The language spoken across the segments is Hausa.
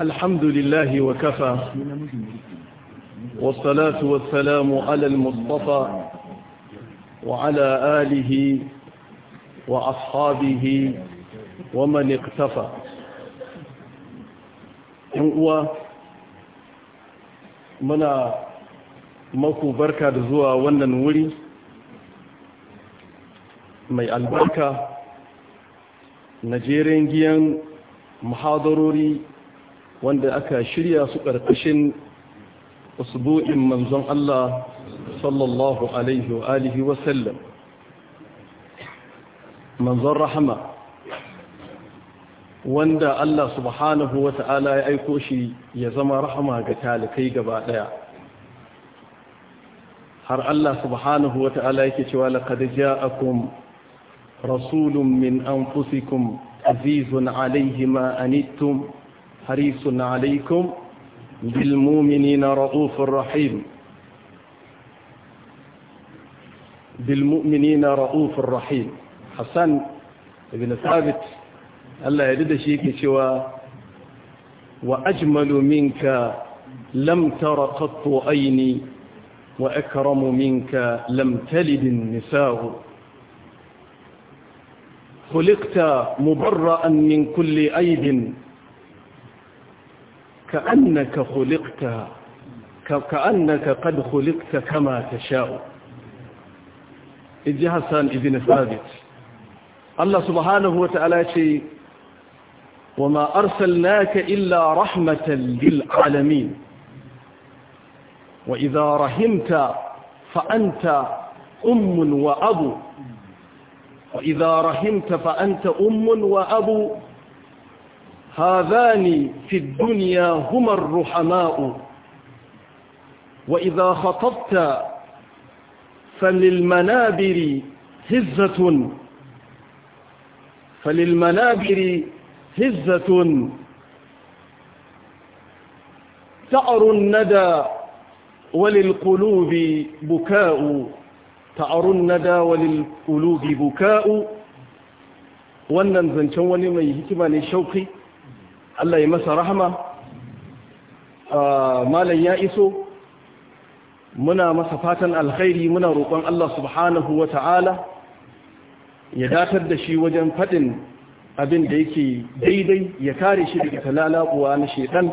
الحمد لله وكفى والصلاة والسلام على المصطفى وعلى آله وأصحابه ومن اقتفى muna maku barka da zuwa wannan wuri mai albarka na jeren giyan muhadarori wanda aka shirya su ƙarƙashin usbu'in manzon Allah sallallahu alaihi wa alihi manzon rahama wanda Allah subhanahu wa ta'ala ya aiko shi ya zama rahama ga talikai gaba ɗaya har Allah subhanahu wa ta'ala yake cewa laqad ja'akum rasulun min anfusikum azizun alayhi ma anittum harisun alaykum bil mu'minina ra'ufur rahim bil mu'minina ra'ufur rahim Hassan ibn Thabit Allah ya da shi yake cewa wa ajmalu minka lam tara qattu ayni wa akramu minka lam talid an-nisaa khuliqta mubarra'an min kulli aybin كأنك خلقت كأنك قد خلقت كما تشاء إذ حسان ابن ثابت الله سبحانه وتعالى شيء وما أرسلناك إلا رحمة للعالمين وإذا رحمت فأنت أم وأبو وإذا رحمت فأنت أم وأبو هذان في الدنيا هما الرحماء وإذا خطبت فللمنابر هزة فللمنابر هزة تأر الندى وللقلوب بكاء تأر الندى وللقلوب بكاء وانا من يهتم يهتماني شوقي الله يمسى رحمة آه، ما لن يائسو منا مصفاتا الخيري منا رقان الله سبحانه وتعالى يداتر دشي وجن فتن abin da yake daidai ya kare shi daga talalabuwa na shedan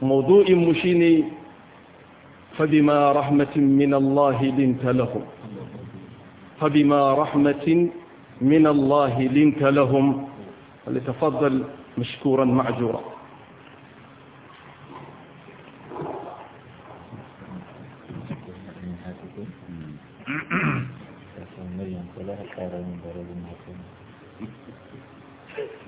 mawdu'in mu shine fabima rahmatin min Allah linta lahum fabima rahmatin min Allah linta lahum litafaddal mashkuran ma'jura Thank you.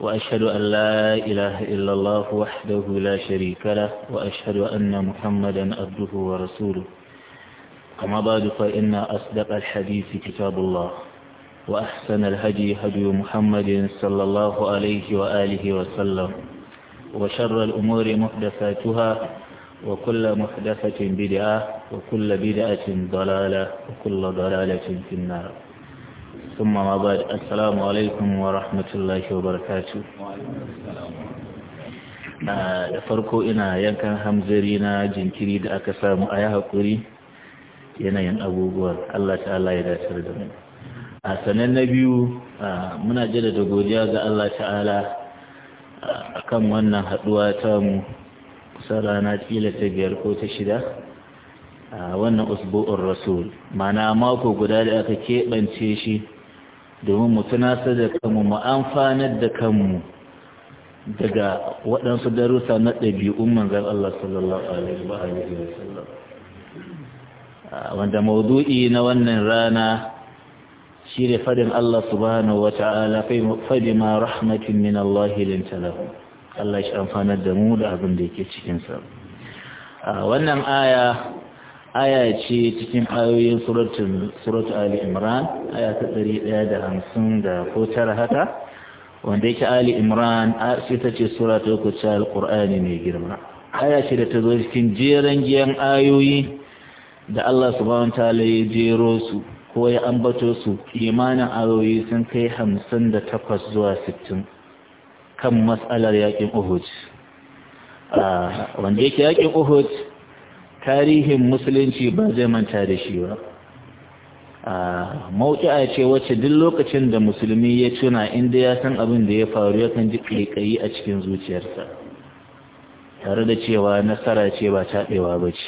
وأشهد أن لا إله إلا الله وحده لا شريك له وأشهد أن محمدا عبده ورسوله أما بعد فإن أصدق الحديث كتاب الله وأحسن الهدي هدي محمد صلى الله عليه وآله وسلم وشر الأمور محدثاتها وكل محدثة بدعة وكل بدعة ضلالة وكل ضلالة في النار ثم ما بعد السلام عليكم ورحمة الله وبركاته da farko ina yankan hamzari na jinkiri da aka samu a yi haƙuri yanayin abubuwan Allah ta'ala ya dace da mu a sananne na biyu muna da godiya ga Allah ta'ala kan wannan haɗuwa ta mu kusa rana kila ta biyar ko ta shida wannan usbu'ur rasul mana mako guda da aka keɓance shi domin mu tunasar da kanmu mu amfanar da kanmu daga waɗansu darussa na ɗabi'un manzan Allah sallallahu alaihi wa sallam wanda maudu'i na wannan rana shi ne fadin Allah subhanahu wa ta'ala fadi ma rahmatin min Allah linta talahu Allah shi amfanar da mu da abin da yake cikinsa wannan aya aya ce cikin ayoyin suratun ali imran aya ta ɗari ɗaya da hamsin da ko tara haka wanda yake ali imran ta ce sura ta uku ta alƙur'ani mai girma aya ce da ta zo cikin jeren giyan ayoyi da allah subhanahu ta'ala ya jero su ko ya ambato su imanin ayoyi sun kai hamsin da takwas zuwa sittin kan matsalar yaƙin uhud wanda yake yaƙin uhud tarihin musulunci ba zai manta da shi ba a mawuki'a ce wacce duk lokacin da musulmi ya tuna inda ya san abin da ya faru yakan ji ƙaiƙayi a cikin zuciyarsa tare da cewa nasara ce ba taɓewa ba ce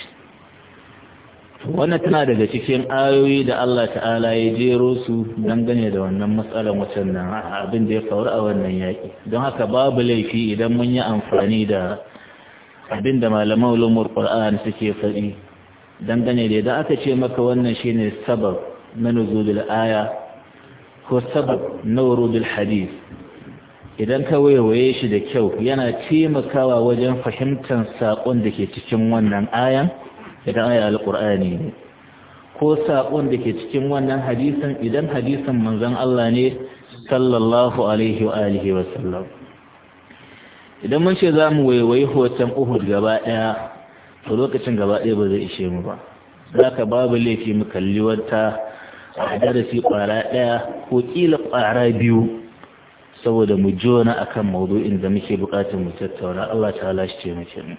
wannan tana daga cikin ayoyi da Allah ta'ala ya jero su dangane da wannan matsalar waccan nan abin da ya faru a wannan yaƙi don haka babu laifi idan mun yi amfani da abinda malaman ulumul qur'an suke faɗi dangane da idan aka ce maka wannan shine sabab na nuzulul aya ko sabab na wurudul hadith idan ka waiwaye shi da kyau yana taimakawa wajen fahimtar saƙon da ke cikin wannan ayan idan aya alƙur'ani ne ko saƙon da ke cikin wannan hadisin idan hadisin manzon Allah ne sallallahu alaihi wa alihi wa sallam idan mun ce za mu waiwayi hoton uhud gaba ɗaya to lokacin gaba ɗaya ba zai ishe mu ba za ka babu laifi mu kalli wata a darasi ƙwara ɗaya ko ƙila ƙwara biyu saboda mu jona akan maudu'in da muke buƙatar mu tattauna Allah ta halashi ce muke ce.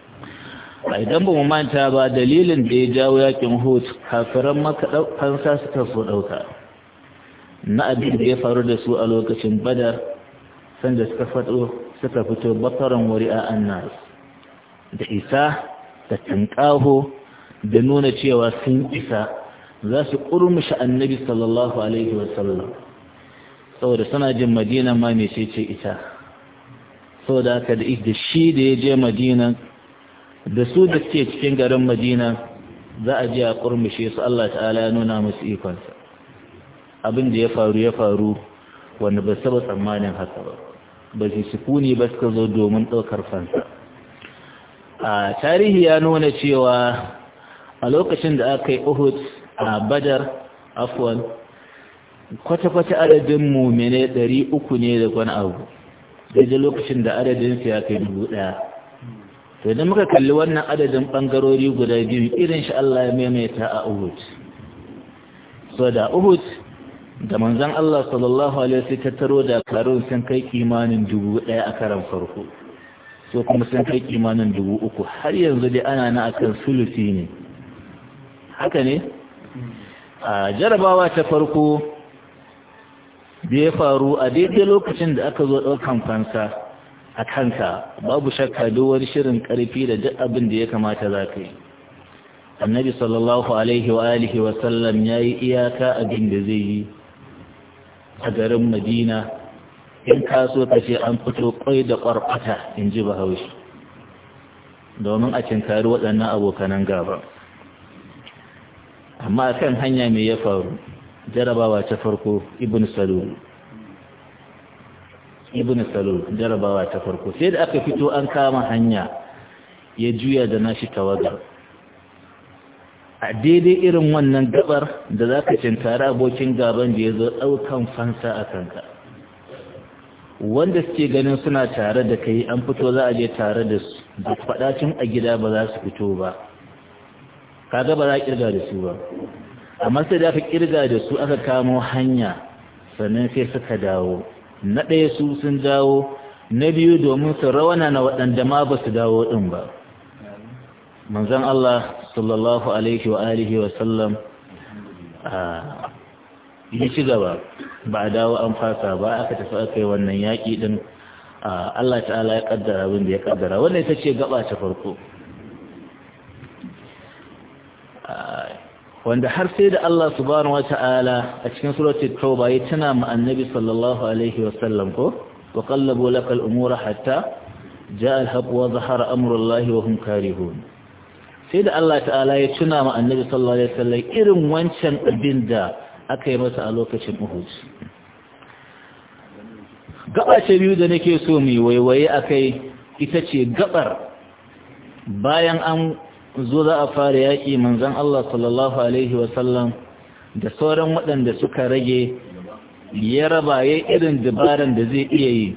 a idan ba mu manta ba dalilin da ya jawo yakin hut kafiran maka fansa suka so ɗauka na abin da ya faru da su a lokacin badar sanda suka faɗo suka fito bakaran a annas da isa da tankaho da nuna cewa sun isa za su ƙurmushe annabi sallallahu alaihi wasallam saboda suna jin madina ma mai ce ce ita saboda haka da shi da ya je madina da su da ke cikin garin madina za a je a ƙurmushe su Allah ta'ala ya nuna musu ikonsa abin da ya faru ya faru wanda ba saba tsammanin haka ba ba su sukuni ba suka zo domin ɗaukar fansa a tarihi ya nuna cewa a lokacin da aka yi uhud a badar afwan kwata-kwata adadin mumine ɗari uku ne da wani abu daidai lokacin da adadinsu ya kai dubu ɗaya to muka kalli wannan adadin ɓangarori guda biyu irin shi Allah ya maimaita a uhud so da uhud da manzan Allah sallallahu Alaihi ta tattaro da karun sun kai kimanin dubu ɗaya a karan farko so kuma sun kai kimanin dubu uku har yanzu dai ana na akan sulusi ne haka ne a jarabawa ta farko da faru a daidai lokacin da aka zo ɗaukan fansa a kanka babu shakka wani shirin karfi da duk abin da ya kamata za ka yi annabi sallallahu alaihi wa alihi ya yi iyaka abin da zai yi a garin madina in kaso ta ce an fito kwai da ƙwarƙwata in ji bahaushe domin a cinkari waɗannan abokanan gaba amma a kan hanya mai ya faru jarabawa ta farko ibn salul ibn salul jarabawa ta farko sai da aka fito an kama hanya ya juya da nashi tawagar a daidai irin wannan gabar da za ka cintara abokin gaban da ya zo ɗaukan fansa a kanka wanda suke ganin suna tare da kai an fito za a je tare da su da faɗacin a gida ba za su fito ba kaga ba za a kirga da su ba amma sai da aka kirga da su aka kamo hanya sannan sai suka dawo na ɗaya su sun dawo na biyu domin su rawana na waɗanda ma ba su dawo ɗin ba manzon Allah sallallahu alaihi wa alihi wa sallam ya ci gaba ba a dawo an fasa ba aka tafi aka yi wannan yaƙi ɗin Allah ta'ala ya ƙaddara abin da ya ƙaddara wanda ita ce gaba ta farko wanda har sai da Allah subhanahu wata'ala a cikin suratul tauba ya tana ma annabi sallallahu alaihi wa sallam ko wa qallabu lakal umura hatta ja'a al-haqq wa zahara amru Allah wa hum karihun sai da Allah ta'ala ya tuna ma annabi sallallahu alaihi wasallam irin wancan abin da aka yi masa a lokacin Uhud gaba ce biyu da nake so mu waiwaye akai ita ce gabar bayan an zo za a fara yaƙi manzon Allah sallallahu alaihi wasallam da sauran waɗanda suka rage ya raba irin dabaran da zai iya yi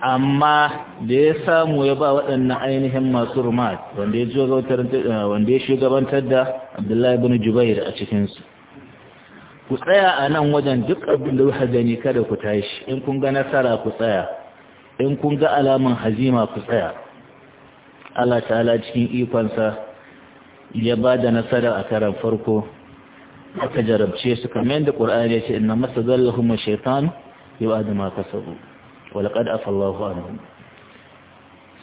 amma da ya samu ya ba waɗannan ainihin masu rumat wanda ya shugabantar da abdullahi bin jubair a cikinsu ku tsaya a nan wajen duk abin da wuka gani kada ku tashi in kun ga nasara ku tsaya in kun ga alamun hazima ku tsaya Allah ta'ala cikin ikonsa ya ba da nasara a karan farko aka jarabce su kamar yadda ƙur'ani ya ce ina masa zallahumma shaitan yau adama kasabu walƙad afallahu anhu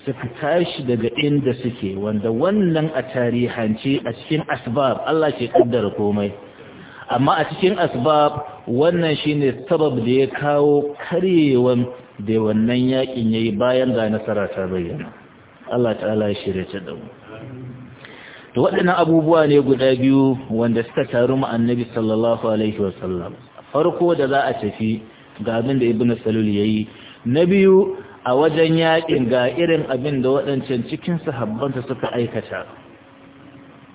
suka tashi daga inda suke wanda wannan a tarihance a cikin asbab Allah ke kaddara komai amma a cikin asbab wannan shine sabab da ya kawo karewan da wannan yakin yayi bayan ga nasara ta bayyana Allah ta'ala ya shirye ta da to waɗannan abubuwa ne guda biyu wanda suka taru mu annabi sallallahu alaihi wasallam farko da za a tafi ga abin da ibnu salul yayi na biyu a wajen yaƙin ga irin abin da waɗancan cikin sahabbanta suka aikata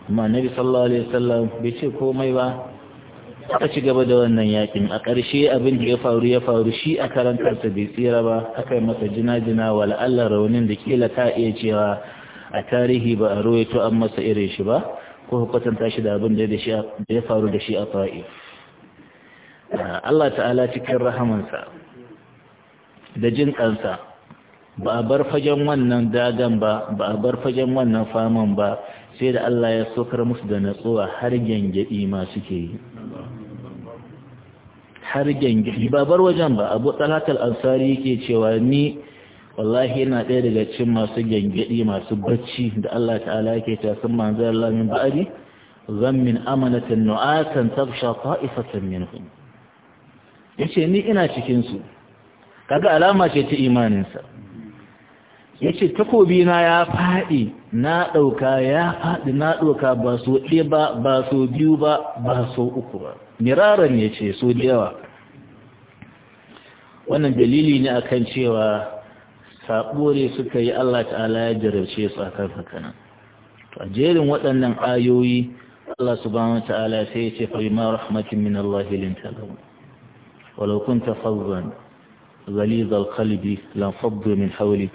amma nabi sallallahu alaihi wasallam bai ce komai ba aka ci gaba da wannan yaƙin a ƙarshe abin da ya faru ya faru shi a karantarsa bai tsira ba aka yi masa jina-jina wa la'allar raunin da kila ka iya cewa a tarihi ba a rawaito an masa irin shi ba ko kwatanta shi da abin da ya faru da shi a fa'i ah, Allah ta'ala cikin rahamansa da jin kansa ba a bar fagen wannan dagan ba ba a bar fagen wannan faman ba sai da Allah ya sokar musu da natsuwa har gyangyaɗi ma suke yi har gyangyaɗi ba bar wajen ba abu tsalatar ansari yake cewa ni wallahi yana ɗaya daga cikin masu gyangyaɗi masu bacci da Allah ta'ala yake ta sun manzar Allah min ba'adi zan min amanatin nu'atan tabsha ta'ifatan minhum yace ni ina cikin su kaga alama ce ta imaninsa yace ce na ya faɗi na ɗauka ya faɗi na ɗauka ba so ɗe ba ba so biyu ba ba so uku ba miraran ya so da yawa wannan dalili ne akan cewa sabore suka yi Allah ta'ala ya jarabce su akan nan to a jerin waɗannan ayoyi Allah subhanahu wa ta'ala sai ya ce fa bima rahmatin min Allah lin wa law kunta fazzan غليظ القلب لانفضوا من حولك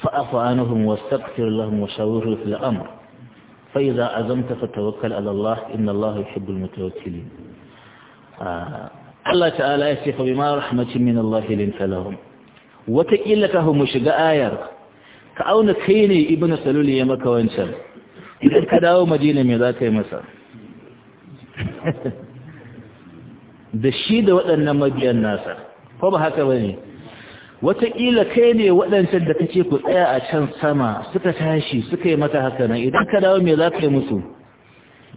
فأف عنهم واستغفر لهم وشاورهم في الأمر فإذا عزمت فتوكل على الله إن الله يحب المتوكلين آه. الله تعالى يسيح بما رحمة من الله لنت لهم وتقيل لك هم شقاء آير كأون كيني ابن سلولي يمك وانشان إذا كداو مدينة مذاك مسا da shi da waɗannan mabiyan nasa ko ba haka ba ne wataƙila kai ne waɗancan da kace ku tsaya a can sama suka tashi suka yi maka haka nan idan ka dawo me za ka yi musu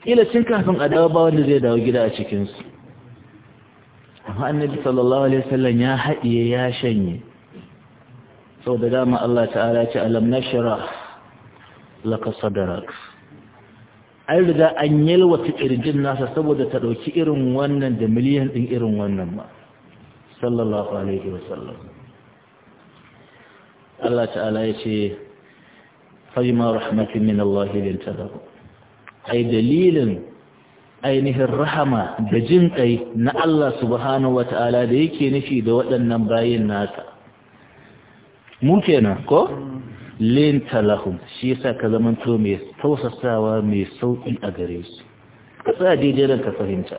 ƙila cin kafin a dawo ba wanda zai dawo gida a cikinsu amma annabi sallallahu alaihi wasallam ya haɗiye ya shanye sau da dama Allah ta'ala ce alam nashra laka sadrak an riga an yalwata ƙirjin nasa saboda ta ɗauki irin wannan da miliyan ɗin irin wannan ma sallallahu alaihi wasallam Allah ta'ala ya ce fahimar rahmatin min Allah ai dalilin ainihin rahama da jin kai na Allah subhanahu wa ta'ala da yake nufi da waɗannan bayin nasa. Mu kenan ko? Linta lahum shi yasa ka zamanto mai tausasawa mai sauƙi a gare su. Ka tsaya daidai ka fahimta.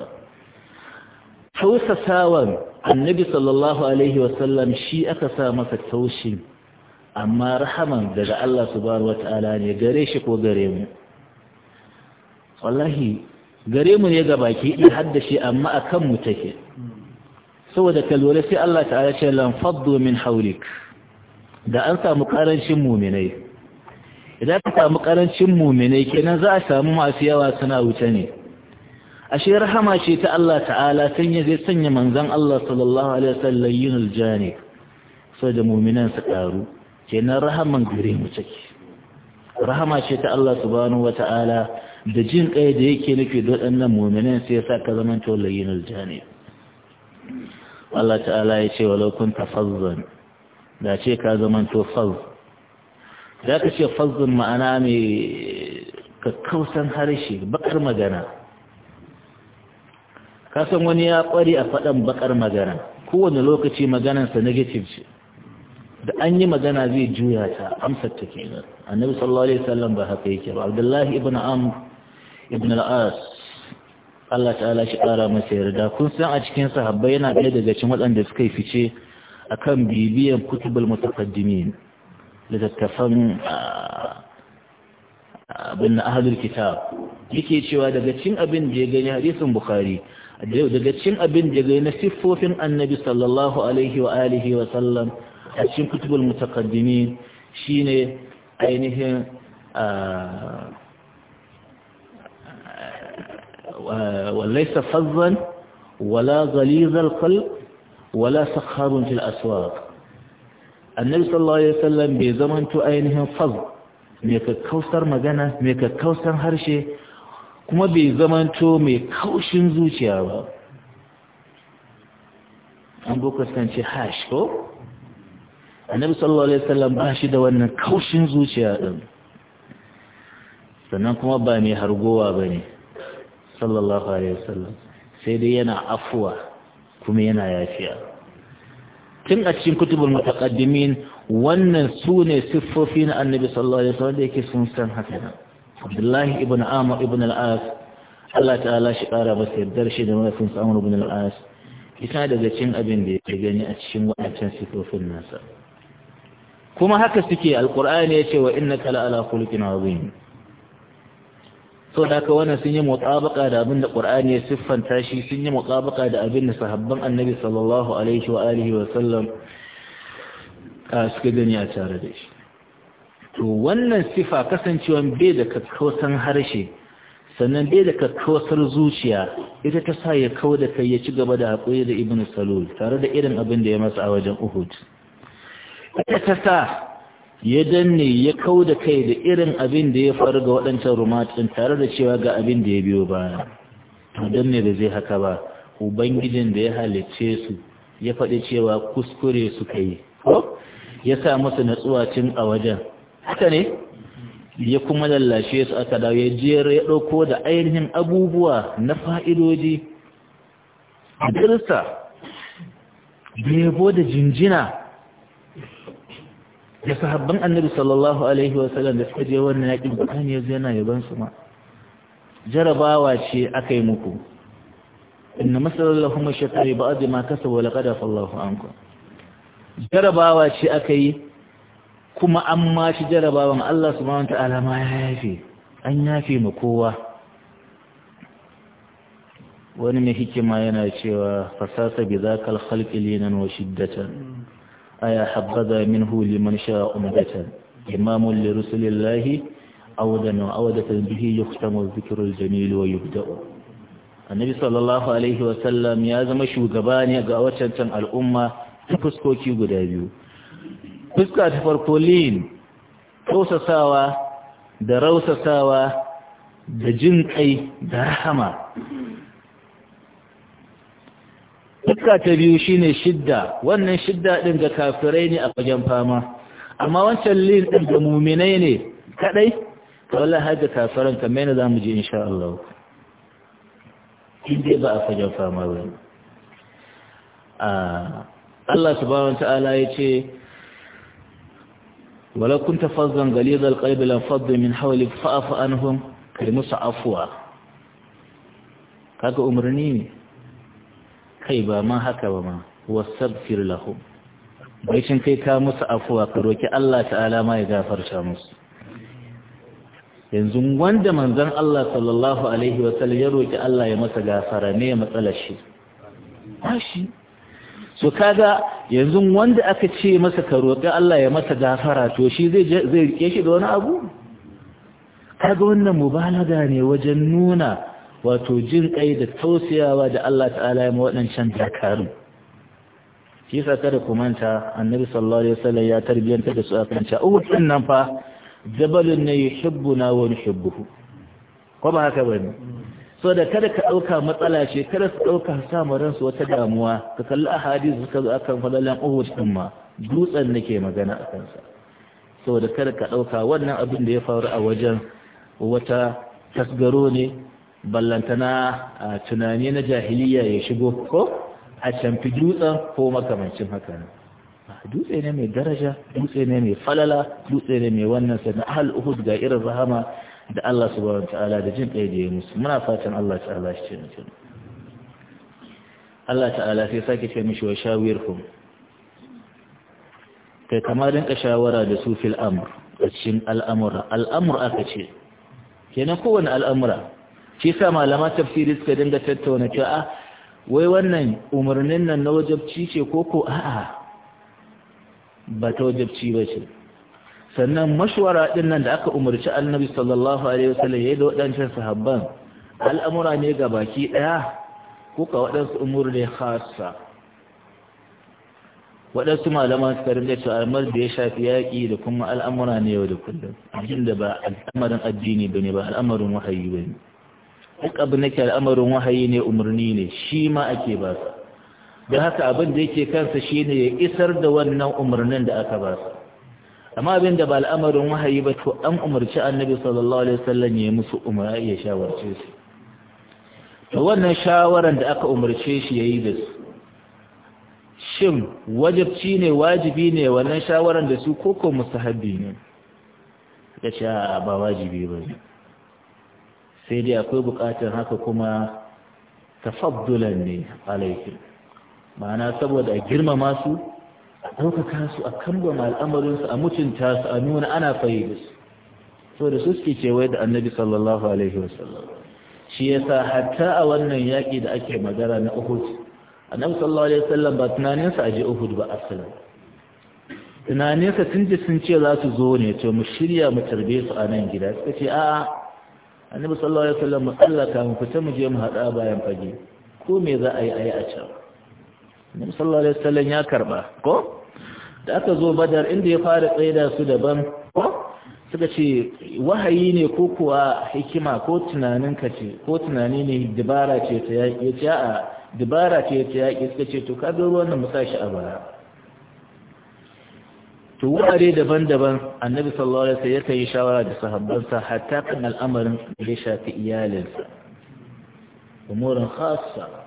tausasawan annabi sallallahu alaihi wasallam shi aka sa masa taushin amma rahaman daga Allah subhanahu wata'ala ne gare shi ko gare mu wallahi gare mu ne ga baki in shi, amma akan mu take saboda kalwala sai Allah ta'ala ce lan faddu min hawlik da an samu karancin muminai idan ka samu karancin muminai kenan za a samu masu yawa suna wuce ne ashe rahama ce ta Allah ta'ala san ya zai sanya manzan Allah sallallahu alaihi wasallam yin aljani so da mu'minan su karu kenan rahaman gure mu take rahama ce ta Allah subhanahu wata'ala da jin kai da yake nufi da waɗannan mu'minan sai ya ka zama to layyinul aljani Allah ta'ala ya ce walau kunta fazzan da ce ka zama to fazz da ka ce fazzun ma'ana mai kakkausan harshe bakar magana kasan wani ya kware a faɗan bakar magana kowane lokaci maganarsa negative ce da an yi magana zai juya ta amsar ta kenan annabi sallallahu alaihi wasallam ba haka yake ba abdullahi ibn amr ibn al-as Allah ta'ala shi ƙara masa yarda kun san a cikin sahabbai yana ɗaya daga cikin waɗanda suka fice akan bibiyan kutubul mutaqaddimin littattafan abin na ahlul kitab yake cewa daga cikin abin da ya gani hadisin bukhari daga cikin abin da na siffofin annabi sallallahu alaihi wa alihi wa sallam a cikin kutubul mutaqaddimin shine ainihin وليس wala ولا غليظ wala ولا سخار في Annabi sallallahu alaihi wa sallam وسلم بزمن ainihin فظ mai كوثر magana, mai كوثر harshe. kuma bai zamanto mai kaushin zuciya ba an boko kan ce hash ko annabi sallallahu alaihi wasallam ba shi da wannan kaushin zuciya din sannan kuma ba mai hargowa ba ne sallallahu alaihi wasallam sai dai yana afuwa kuma yana yafiya tun a cikin kutubul mutaqaddimin wannan su ne siffofi na annabi sallallahu alaihi wasallam da yake sun san haka abdullahi ibn Amur ibn al Allah ta'ala shi kara masa yardar shi da mafi samun ibn al-as isa daga cin abin da ya gani a cikin waɗancan sifofin nasa kuma haka suke Alƙur'ani ya ce wa inna kala ala kulkin azim so da haka wannan sun yi mutabaka da abin da ya siffanta shi sun yi mutabaka da abin da sahabban annabi sallallahu alaihi wa alihi wa sallam suka gani a tare da shi to wannan sifa kasancewan bai da kakkausan harshe sannan bai da kakkausar zuciya ita ta sa ya kawo da kai ya ci gaba da haƙuri da ibn salul tare da irin abin da ya masa a wajen uhud ita ta sa ya danne ya kawo da kai da irin abin da ya faru ga waɗancan rumatun tare da cewa ga abin da ya biyo baya to danne da zai haka ba ubangijin da ya halicce su ya faɗi cewa kuskure suka yi ya sa masa natsuwa cin a wajen haka ne ya kuma lallashe su aka dawo ya jiyar ya ɗauko da ainihin abubuwa na fa'idoji a darsa da yabo da jinjina da sahabban annabi sallallahu alaihi wasallam da suka je wannan yaƙin bukani yanzu yana yaban su ma jarabawa ce aka yi muku inna masalallahu mashakari ba'ad ma kasabu laqad afallahu ankum jarabawa ce aka yi kuma an ma shi jarabawan Allah subhanahu ta'ala ma ya yafe an yafe ma kowa wani mai hikima yana cewa fasasa bi zakal khalqi linan wa shiddatan aya habbaza minhu liman sha'a umdatan imamun li awdan wa awdatan bihi yuhtamu dhikrul jamil wa yubda'u annabi sallallahu alaihi wa sallam ya zama shugaba ne ga wacancan al'umma ta fuskoki guda biyu fuska ta farko lin tausasawa da rausasawa da jin kai da rahama fuska ta biyu shine shidda wannan shidda din ga kafirai ne a fagen fama amma wancan lin din ga muminai ne kadai wallahi haka kafiran kamar ne zamu ji insha Allah inda ba a fagen fama ba ah, Allah subhanahu wa ta'ala ya ce ولو كنت فظا غليظ القلب لانفض من حولك فاعف عنهم كلمس عفوا kaga umarni ne kai ba ma haka ba ma wasaghfir lahum baicin kai ka musu afuwa ka roki Allah ta'ala ma ya gafarta musu yanzu wanda manzon Allah sallallahu alaihi wasallam ya roki Allah ya masa gafara ne ya matsalar shi so kaga yanzu wanda aka ce masa ka roƙi Allah ya masa gafara to shi zai zai rike shi da wani abu kaga wannan mubalaga ne wajen nuna wato jin kai da tausayawa da Allah ta'ala ya ma waɗancan dakarun shi yasa kada ku manta annabi sallallahu alaihi wasallam ya tarbiyanta da su akan cewa oh nan fa jabalun ne yuhibbuna wa nuhibbuhu ko ba haka bane so da kada ka ɗauka matsala ce kada su ɗauka samun ransu wata damuwa ka kalli a hadis suka zo akan falalan uhud din ma dutsen nake magana a kansa so da kada ka ɗauka wannan abin da ya faru a wajen wata tasgaro ne ballantana a tunani na jahiliya ya shigo ko a canfi dutsen ko makamancin haka ne ah, dutse ne mai daraja dutse ne mai falala dutse ne mai wannan sannan ahal uhud ga irin rahama da Allah subhanahu ta'ala da jin ɗaya da ya musu muna fatan Allah ta'ala shi ce mutum Allah ta'ala sai sake ce mishi wa shawirhum kai kama rinka shawara da su fil amur a cikin al'amura al'amur aka ce kenan kowane al'amura shi sa malama tafsiri suka dinga tattauna cewa ah, wai wannan umarnin nan na wajabci ce ko ko a'a ba ta wajabci ba ce sannan mashwara din nan da aka umarci annabi sallallahu alaihi wasallam yayin da wadancan sahabban al'amura ne ga baki daya kuka wadansu umur ne khassa wadansu malaman suka rinda cewa al'amar da ya shafi yaƙi da kuma al'amura ne yau da kullum da ba al'amarin addini bane ba al'amarin wahayi bane duk abin nake al'amarin wahayi ne umarni ne shi ma ake ba sa don haka abin da yake kansa shine ya isar da wannan umarnin da aka ba sa amma abin da ba al'amarin wahayi ba to an umarci annabi sallallahu alaihi wasallam ya musu umara ya shawarce su to wannan shawaran da aka umarce shi yayi da su shin wajibci ne wajibi ne wannan shawaran da su koko mustahabbi ne ya ce ba wajibi ba ne sai dai akwai bukatar haka kuma tafaddulan ne alaikin ma'ana saboda girmama su a ɗaukaka su a kambama al'amarinsu a mutunta su a nuna ana su. so da su suke kewaye da annabi sallallahu alaihi wasallam shi sa hatta a wannan yaƙi da ake magana na uhud annabi sallallahu alaihi wasallam ba tunaninsa a je uhud ba asalin tunaninsa sun ji sun ce za su zo ne to mu shirya mu tarbe su a nan gida suka ce a'a annabi sallallahu alaihi wasallam mu tsallaka mu fita mu je mu haɗa bayan fage ko me za a yi a yi a can Nabi sallallahu ya karba ko da aka zo badar inda ya fara tsaida su daban ko suka ce wahayi ne ko kuwa hikima ko tunanin ka ce ko tunani ne dubara ce ta yaƙi ce a dubara ce ta yaƙi suka ce to ka ruwan nan musa shi a bara to wurare daban-daban annabi sallallahu alaihi wasallam yakan yi shawara da sahabbansa hatta kan al'amarin da ya shafi iyalinsa umurin khassa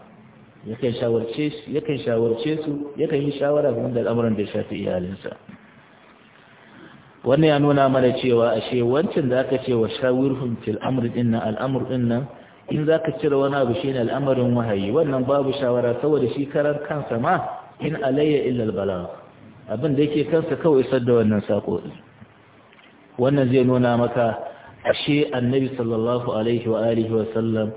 yakan shawarce su yakan shawarce su yakan yi shawara game da al'amuran da ya shafi iyalinsa wannan ya nuna mana cewa ashe wancan da aka ce wa shawirhum fil amr din nan al'amr din nan in zaka cire wani abu shine al'amarin wahayi wannan babu shawara saboda shi karar kansa ma in alayya illa al-balagh abin da yake kansa kawai isar da wannan sako wannan zai nuna maka ashe annabi sallallahu alaihi wa alihi wa sallam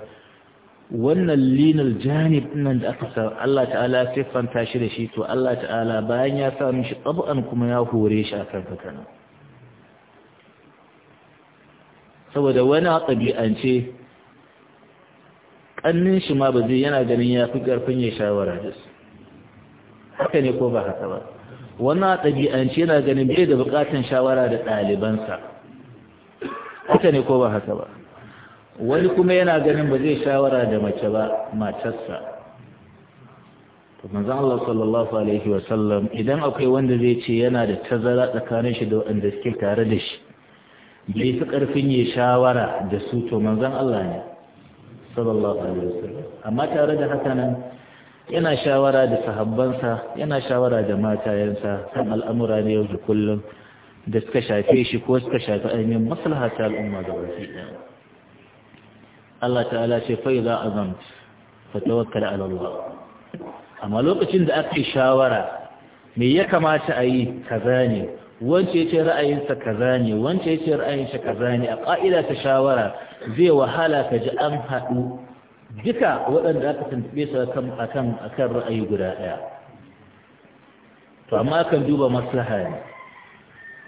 wannan linal janib nan da aka sa Allah ta'ala siffanta shi da shi to Allah ta'ala bayan ya sa mishi tab'an kuma ya hore shi a kan haka saboda wani ɗabi'ance ƙannin shi ma ba zai yana ganin ya fi ƙarfin ya shawara da su haka ne ko ba haka ba wani ɗabi'ance yana ganin bai da buƙatan shawara da ɗalibansa haka ne ko ba haka ba wani kuma yana ganin ba zai shawara da mace ba matarsa to manzo Allah sallallahu alaihi wa sallam idan akwai wanda zai ce yana da tazara tsakanin shi da wanda suke tare da shi bai fi karfin yi shawara da su to manzon Allah ne sallallahu alaihi wa sallam amma tare da haka nan yana shawara da sahabbansa yana shawara da matayensa kan al'amura ne yau da kullum da suka shafe shi ko suka shafi ainihin maslaha ta al'umma da wasu Allah ta'ala ce fai za a zan amma lokacin da aka yi shawara me ya kamata a yi kaza ne wance ce ra'ayinsa kaza ne wance ce ra'ayinsa kaza ne a ƙa'ida ta shawara zai wahala ka ji an haɗu duka waɗanda aka tuntube su akan ra'ayi guda ɗaya to amma kan duba maslaha ne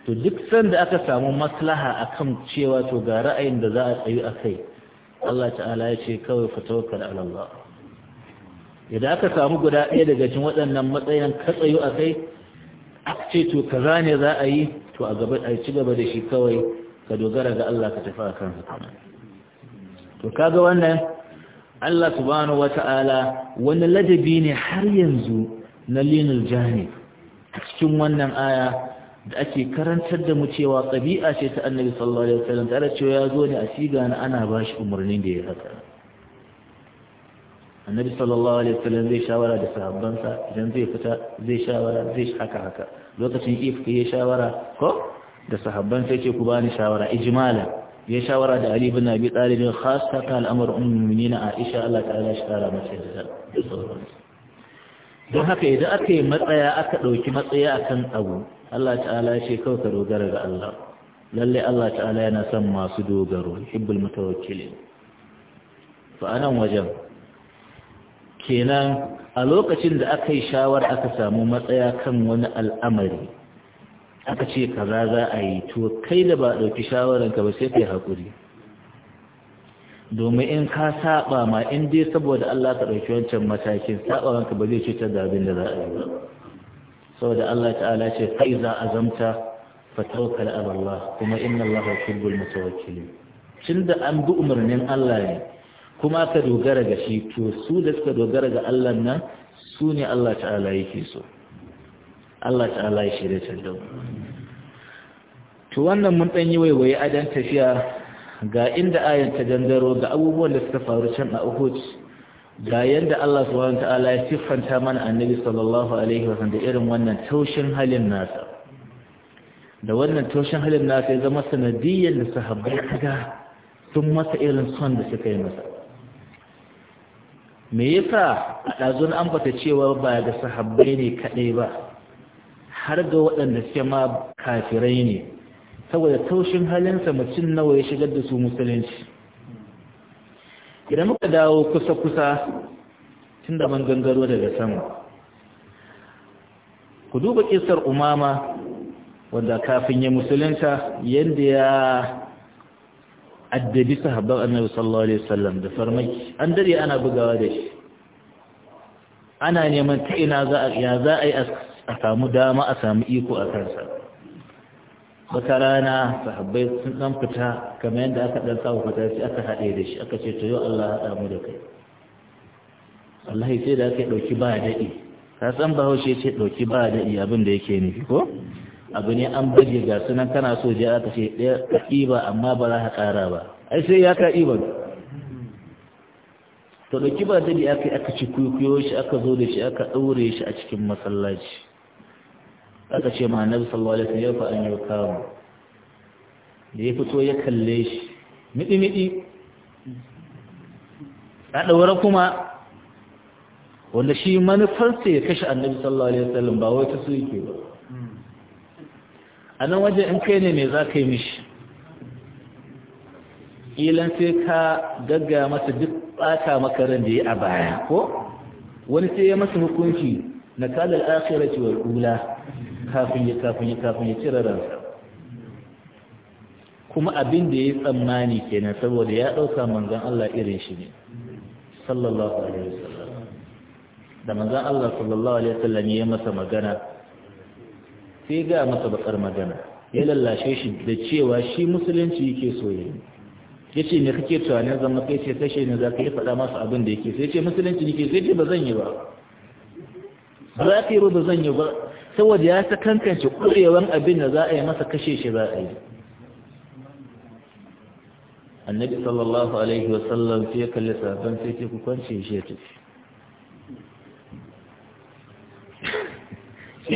to duk sanda aka samu maslaha akan cewa to ga ra'ayin da za a tsayu a kai Allah ta'ala ya ce kawai fatawakkal ala Allah idan aka samu guda ɗaya daga cikin waɗannan matsayin katsayu a kai ce to ka ne za a yi to a gaba a ci gaba da shi kawai ka dogara ga Allah ka tafi a kansa to kaga wannan Allah subhanahu ta'ala wani ladabi ne har yanzu na linul janib cikin wannan aya da ake karantar da mu cewa ƙabi'a ce ta annabi sallallahu alaihi wasallam tare cewa ya zo ne a siga na ana ba shi umarnin da ya haka annabi sallallahu alaihi wasallam zai shawara da sahabbansa idan zai fita zai shawara zai haka haka lokacin ifka ya shawara ko da sahabban sai ce ku bani shawara ijmala ya shawara da Ali ibn Abi Talib khassatan al'amr ummul mu'minin Aisha Allah ta'ala shi tara mace da sauransu don haka idan aka yi matsaya aka dauki matsaya akan abu Allah ta'ala ya ce kawai ka dogara ga Allah lalle Allah ta'ala yana son masu dogaro hibbul mutawakkilin fa anan wajen kenan a lokacin da aka yi shawar aka samu matsaya kan wani al'amari aka ce kaza za a yi to kai da ba ɗauki shawararka ba sai kai haƙuri domin in ka saba ma in dai saboda Allah ka ɗauki wancan matakin ranka ba zai cutar da abin da za a yi ba saboda Allah ta'ala ce fa iza azamta fa tawakkal ala Allah kuma inna Allah yuhibbul mutawakkilin da an bi umarnin Allah ne kuma ka dogara ga shi to su da suka dogara ga Allah nan su ne Allah ta'ala yake so Allah ta'ala ya shirya ta da to wannan mun dan yi waiwaye adan tafiya ga inda ayan ta dandaro ga abubuwan da suka faru can a Uhud ga yadda Allah subhanahu ta'ala ya siffanta mana annabi sallallahu alaihi wa sallam da irin wannan taushin halin nasa da wannan taushin halin nasa ya zama sanadiyyar da sahabbai kaga sun masa irin son da suka yi masa me yasa a ɗazun an bata cewa ba da sahabbai ne kaɗai ba har ga waɗanda suke ma kafirai ne saboda taushin halinsa mutum nawa ya shigar da su musulunci idan muka dawo kusa-kusa tun da man gangaro daga sama ku duba kisar umama wanda kafin ya musulunta yadda ya addabi sahabban annabi sallallahu alaihi wasallam da farmaki an dare ana bugawa da shi ana neman ta ina za a yi a samu dama a samu iko a kansa wata rana sahabbai sun dan fita kamar yadda aka dan samu fita sai aka haɗe da shi aka ce to yau Allah haɗa mu da kai wallahi sai da aka ɗauki ba daɗi ka san bahaushe ce ɗauki ba daɗi abin da yake nufi ko abu ne an bari ga sunan kana so je aka ce ɗaya ka ɗiba amma ba za ka ƙara ba ai sai ya ka ba. to ɗauki ba daɗi aka aka ci kuyo shi aka zo da shi aka ɗaure shi a cikin masallaci aka ce ma annabi sallallahu alaihi wasallam ya fa an yarkamu da ya fito ya kalle shi midi midi a ɗaura kuma wanda shi manufarsa ya kashe annabi sallallahu alaihi wasallam ba wai ta su yake ba a nan wajen in kai ne me za ka yi mishi ƙilan sai ka gagga masa duk ɓata makaran da ya a baya ko wani sai ya masa hukunci na kalar akhirati wal ula kafin ya kafin ya kafin ya cire ransa kuma abin da ya tsammani kenan saboda ya ɗauka manzan Allah irin shi ne sallallahu alaihi wasallam da manzan Allah sallallahu alaihi wasallam ya masa magana sai ga masa bakar magana ya lallashe shi da cewa shi musulunci yake so ya ya ce me kake tunanin zama kai ce kashe ne za ka yi faɗa masa abin da yake sai ce musulunci ne ke sai ce ba zan yi ba za ka yi ba zan yi ba saboda ya ta kankance kurewan abin da za a yi masa kashe shi za a yi annabi sallallahu alaihi wasallam sai ya kalli sabon sai ce ku kwance shi ya tafi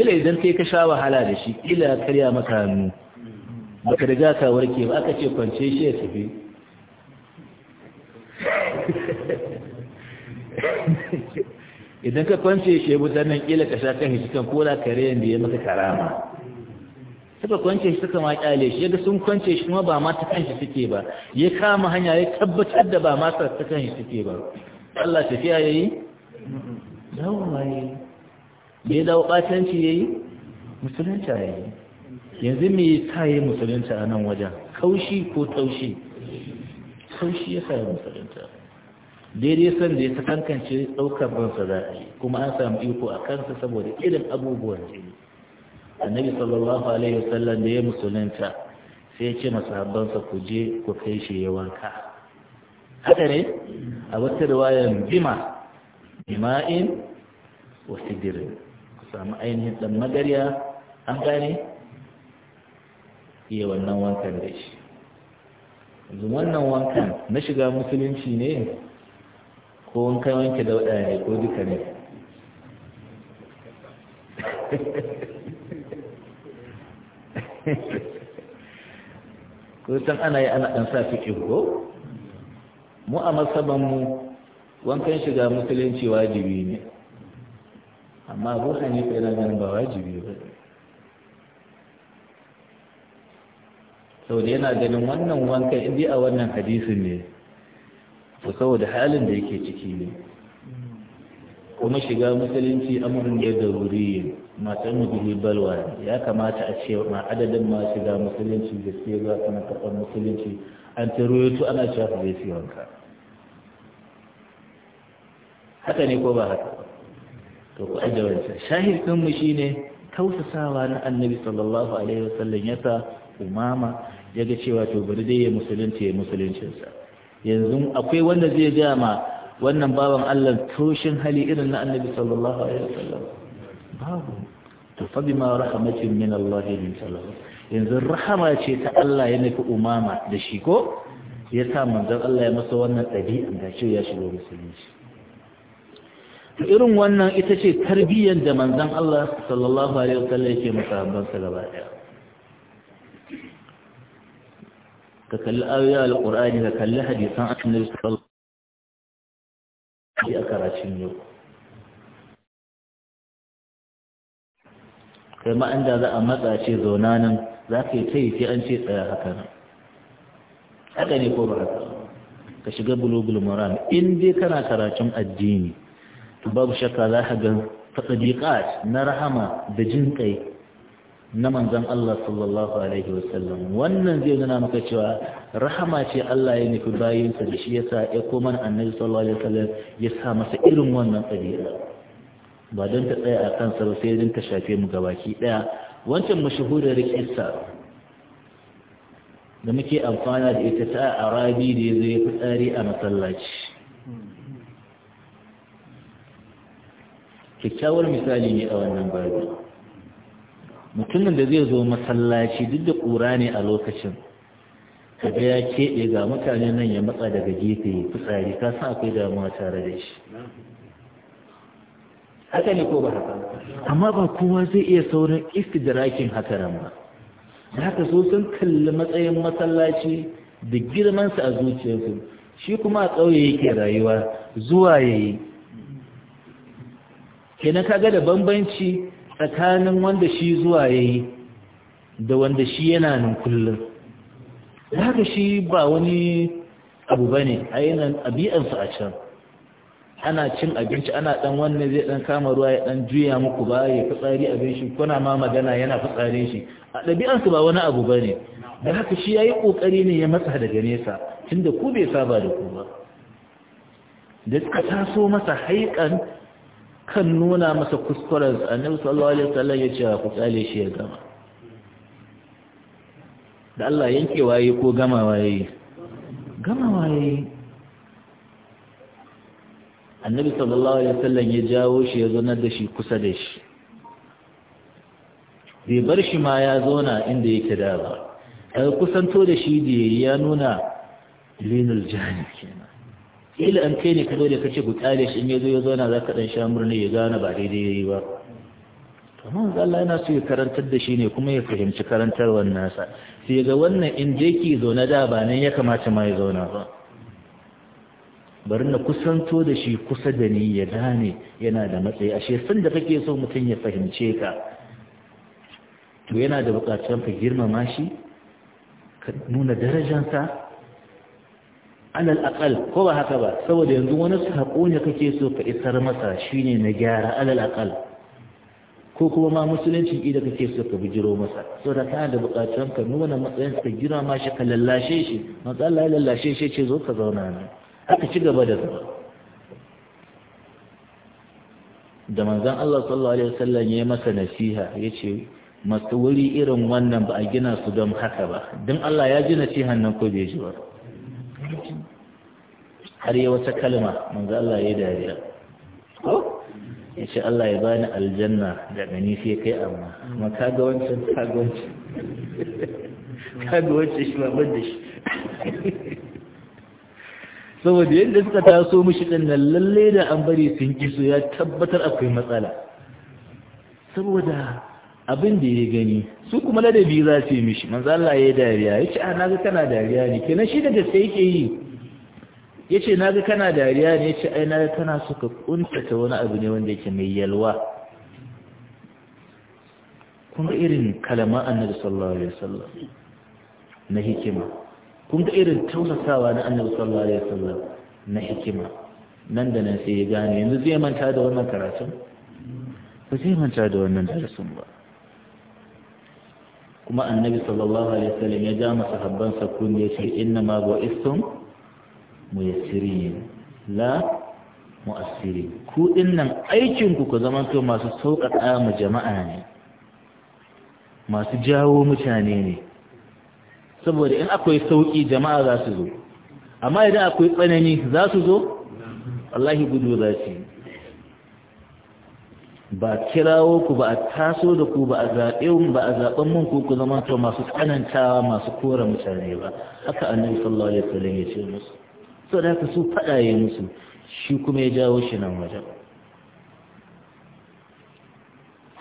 ila idan kai ka sha wahala da shi ila karya maka hannu ka riga ka warke ba aka ce kwance shi ya tafi idan ka kwance shi wutar nan kila ka sha kan shi kan kola kare yadda ya maka karama suka kwance shi suka ma kyale shi yadda sun kwance shi kuma ba mata kan shi suke ba ya kama hanya ya tabbatar da ba mata ta kan shi suke ba Allah tafiya yayi dawowa yayi bai dawo batanci yayi musulunta yayi yanzu me yasa yi musulunta a nan wajen kaushi ko taushi kaushi yasa yayi musulunta daidai san da ya ta kankance ɗaukar ransa za a yi kuma an samu iko a kansa saboda irin abubuwan da yi annabi sallallahu alaihi wasallam da ya musulunta sai ya ce masahabbansa ku je ku kai shi ya wanka haka ne a wata riwayar bima bima'in wa sidirin ku samu ainihin ɗan magarya an gane iya wannan wankan da shi wannan wankan na shiga musulunci ne ko in kai wanke da ne ko duka ne ko san ana yi ana dan sa fiƙi ko mu a masaban mu wankan shiga musulunci wajibi ne amma abu hanifa yana ganin ba wajibi ba sau da yana ganin wannan wankan indi a wannan hadisin ne saboda halin da yake ciki ne kuma shiga musulunci amurin da daruri matan mujibi balwa ya kamata a ce ma adadin ma shiga musulunci da suke su na karɓar musulunci an taruyoto ana shafa zai wanka haka ne ko ba haka to ku ajiye wancan shahid mu shine tausasawa na annabi sallallahu alaihi wasallam sa umama ya ga cewa to bari dai ya musulunci ya musuluncinsa yanzu akwai wanda zai gaya ma wannan baban Allah toshin hali irin na annabi sallallahu alaihi wasallam babu to fa bima rahmatin min Allah min sallallahu yanzu rahama ce ta Allah ya nufi umama da shi ko ya sa manzon Allah ya masa wannan ɗabi'a da shi ya shigo musulunci to irin wannan ita ce tarbiyyar da manzon Allah sallallahu alaihi wasallam yake masa ban sa gaba ɗaya. ka kalli ayoyin alƙur'ani ka kalli hadisan a cikin da wasallam a karashin yau kai ma inda za a matsa ce zauna nan za ka yi taifi an ce tsaya haka nan haka ne ko ba haka ka shiga mara maram in dai kana karatun addini babu shakka za ka ga taqdiqat na rahama da jin kai na manzan Allah sallallahu alaihi wasallam wannan zai nuna maka cewa rahama ce Allah ya nufi bayinsa da shi yasa ya koma annabi sallallahu alaihi wasallam ya sa masa irin wannan ɗabi'a ba don ta tsaya a kansa ba sai don ta shafe mu gabaki ɗaya wancan mashahurar kissa da muke amfana da ita ta arabi da ya fi fitsari a masallaci kyakkyawar misali ne a wannan babu mutumin da zai zo masallaci duk da ƙura ne a lokacin kaga ya keɓe ga mutane nan ya matsa daga gefe fitsari ka san akwai damuwa tare da shi haka ne ko ba haka amma ba kowa zai iya saurin istidrakin haka nan ba da haka so sun kalli matsayin masallaci da girmansa a zuciyarsu shi kuma a ƙauye yake rayuwa zuwa yayi kenan ga da bambanci tsakanin wanda shi zuwa ya yi da wanda shi yana nan kullum haka shi ba wani abu bane a yanar ɗabi'arsa a can ana cin abinci ana dan wannan zai dan kama ruwa ya dan juya muku ba ya fitsari abin shi kuna ma magana yana fitsarin shi a ɗabi'ansu ba wani abu bane da haka shi ya yi ƙoƙari ne ya matsa daga nesa tun da ku bai saba da ku ba da suka taso masa haikan kan nuna masa kuskuren annabi sallallahu alaihi wasallam ya ce ku tsale shi ya gama da Allah yanke waye ko gama waye gama waye annabi sallallahu alaihi wasallam ya jawo shi ya zauna da shi kusa da shi bai bar shi ma ya zauna inda yake da ba kusanto da shi da ya nuna linul jahil kenan kila an kai ne ka zo da ka ce ku tsare shi in ya zo ya zauna za ka ɗan sha murni ya gane ba daidai ya yi ba amma Allah yana so ya karantar da shi ne kuma ya fahimci karantarwar nasa sai ga wannan in je ki na da ba nan ya kamata ma ya zauna ba bari na kusanto da shi kusa da ni ya gane yana da matsayi ashe sun da kake so mutum ya fahimce ka to yana da bukatar ka girmama shi ka nuna darajarsa. alal akal ko ba haka ba saboda yanzu wani sako ne kake so ka isar masa shine na gyara alal aqal ko kuma ma musulunci idan kake so ka bijiro masa so da kana da bukatun ka nuna matsayin ka gira ma shi ka lallashe shi matsala ya lallashe shi ce zo ka zauna nan aka ci gaba da zama da manzon Allah sallallahu alaihi wasallam ya masa nasiha yace masu wuri irin wannan ba a gina su don haka ba don Allah ya ji nasihan nan ko bai ji ba har yi wata kalma manzo Allah ya dariya ko ya ce Allah ya bani aljanna da gani sai kai amma kuma ka ga wancan ka ga wancan ka ga wancan shi ba da shi saboda yadda suka taso mishi din nan lalle da an bari sun kiso ya tabbatar akwai matsala saboda abin da ya gani su kuma ladabi za su yi mishi manzo Allah ya dariya ya ce a ah, naga kana dariya ne kenan shi da gaske yake yi ya ce na ga kana dariya ne ya ce ai na ga kana suka kuntata wani abu ne wanda yake mai yalwa kun ga irin kalama annabi sallallahu alaihi wasallam na hikima kun ga irin tausasawa na annabi sallallahu alaihi wasallam na hikima nan da nan sai ya gane yanzu zai manta da wannan karatun ba zai manta da wannan darasin ba kuma annabi sallallahu alaihi wasallam ya ja masa sa kun ya ce inna ma bu'istum muyassirin la mu'assirin ku dinnan aikin ku ku zama to masu sauƙaƙa mu jama'a ne masu jawo mutane ne saboda in akwai sauƙi jama'a za su zo amma idan akwai tsanani za su zo wallahi gudu za su yi ba kirawo ku ba a taso da ku ba a zaɓe ba a zaɓen mun ku ku zama to masu tsanantawa masu kore mutane ba haka annabi sallallahu alaihi wasallam ya ce musu so da haka su faɗa ya musu shi kuma ya jawo shi nan wajen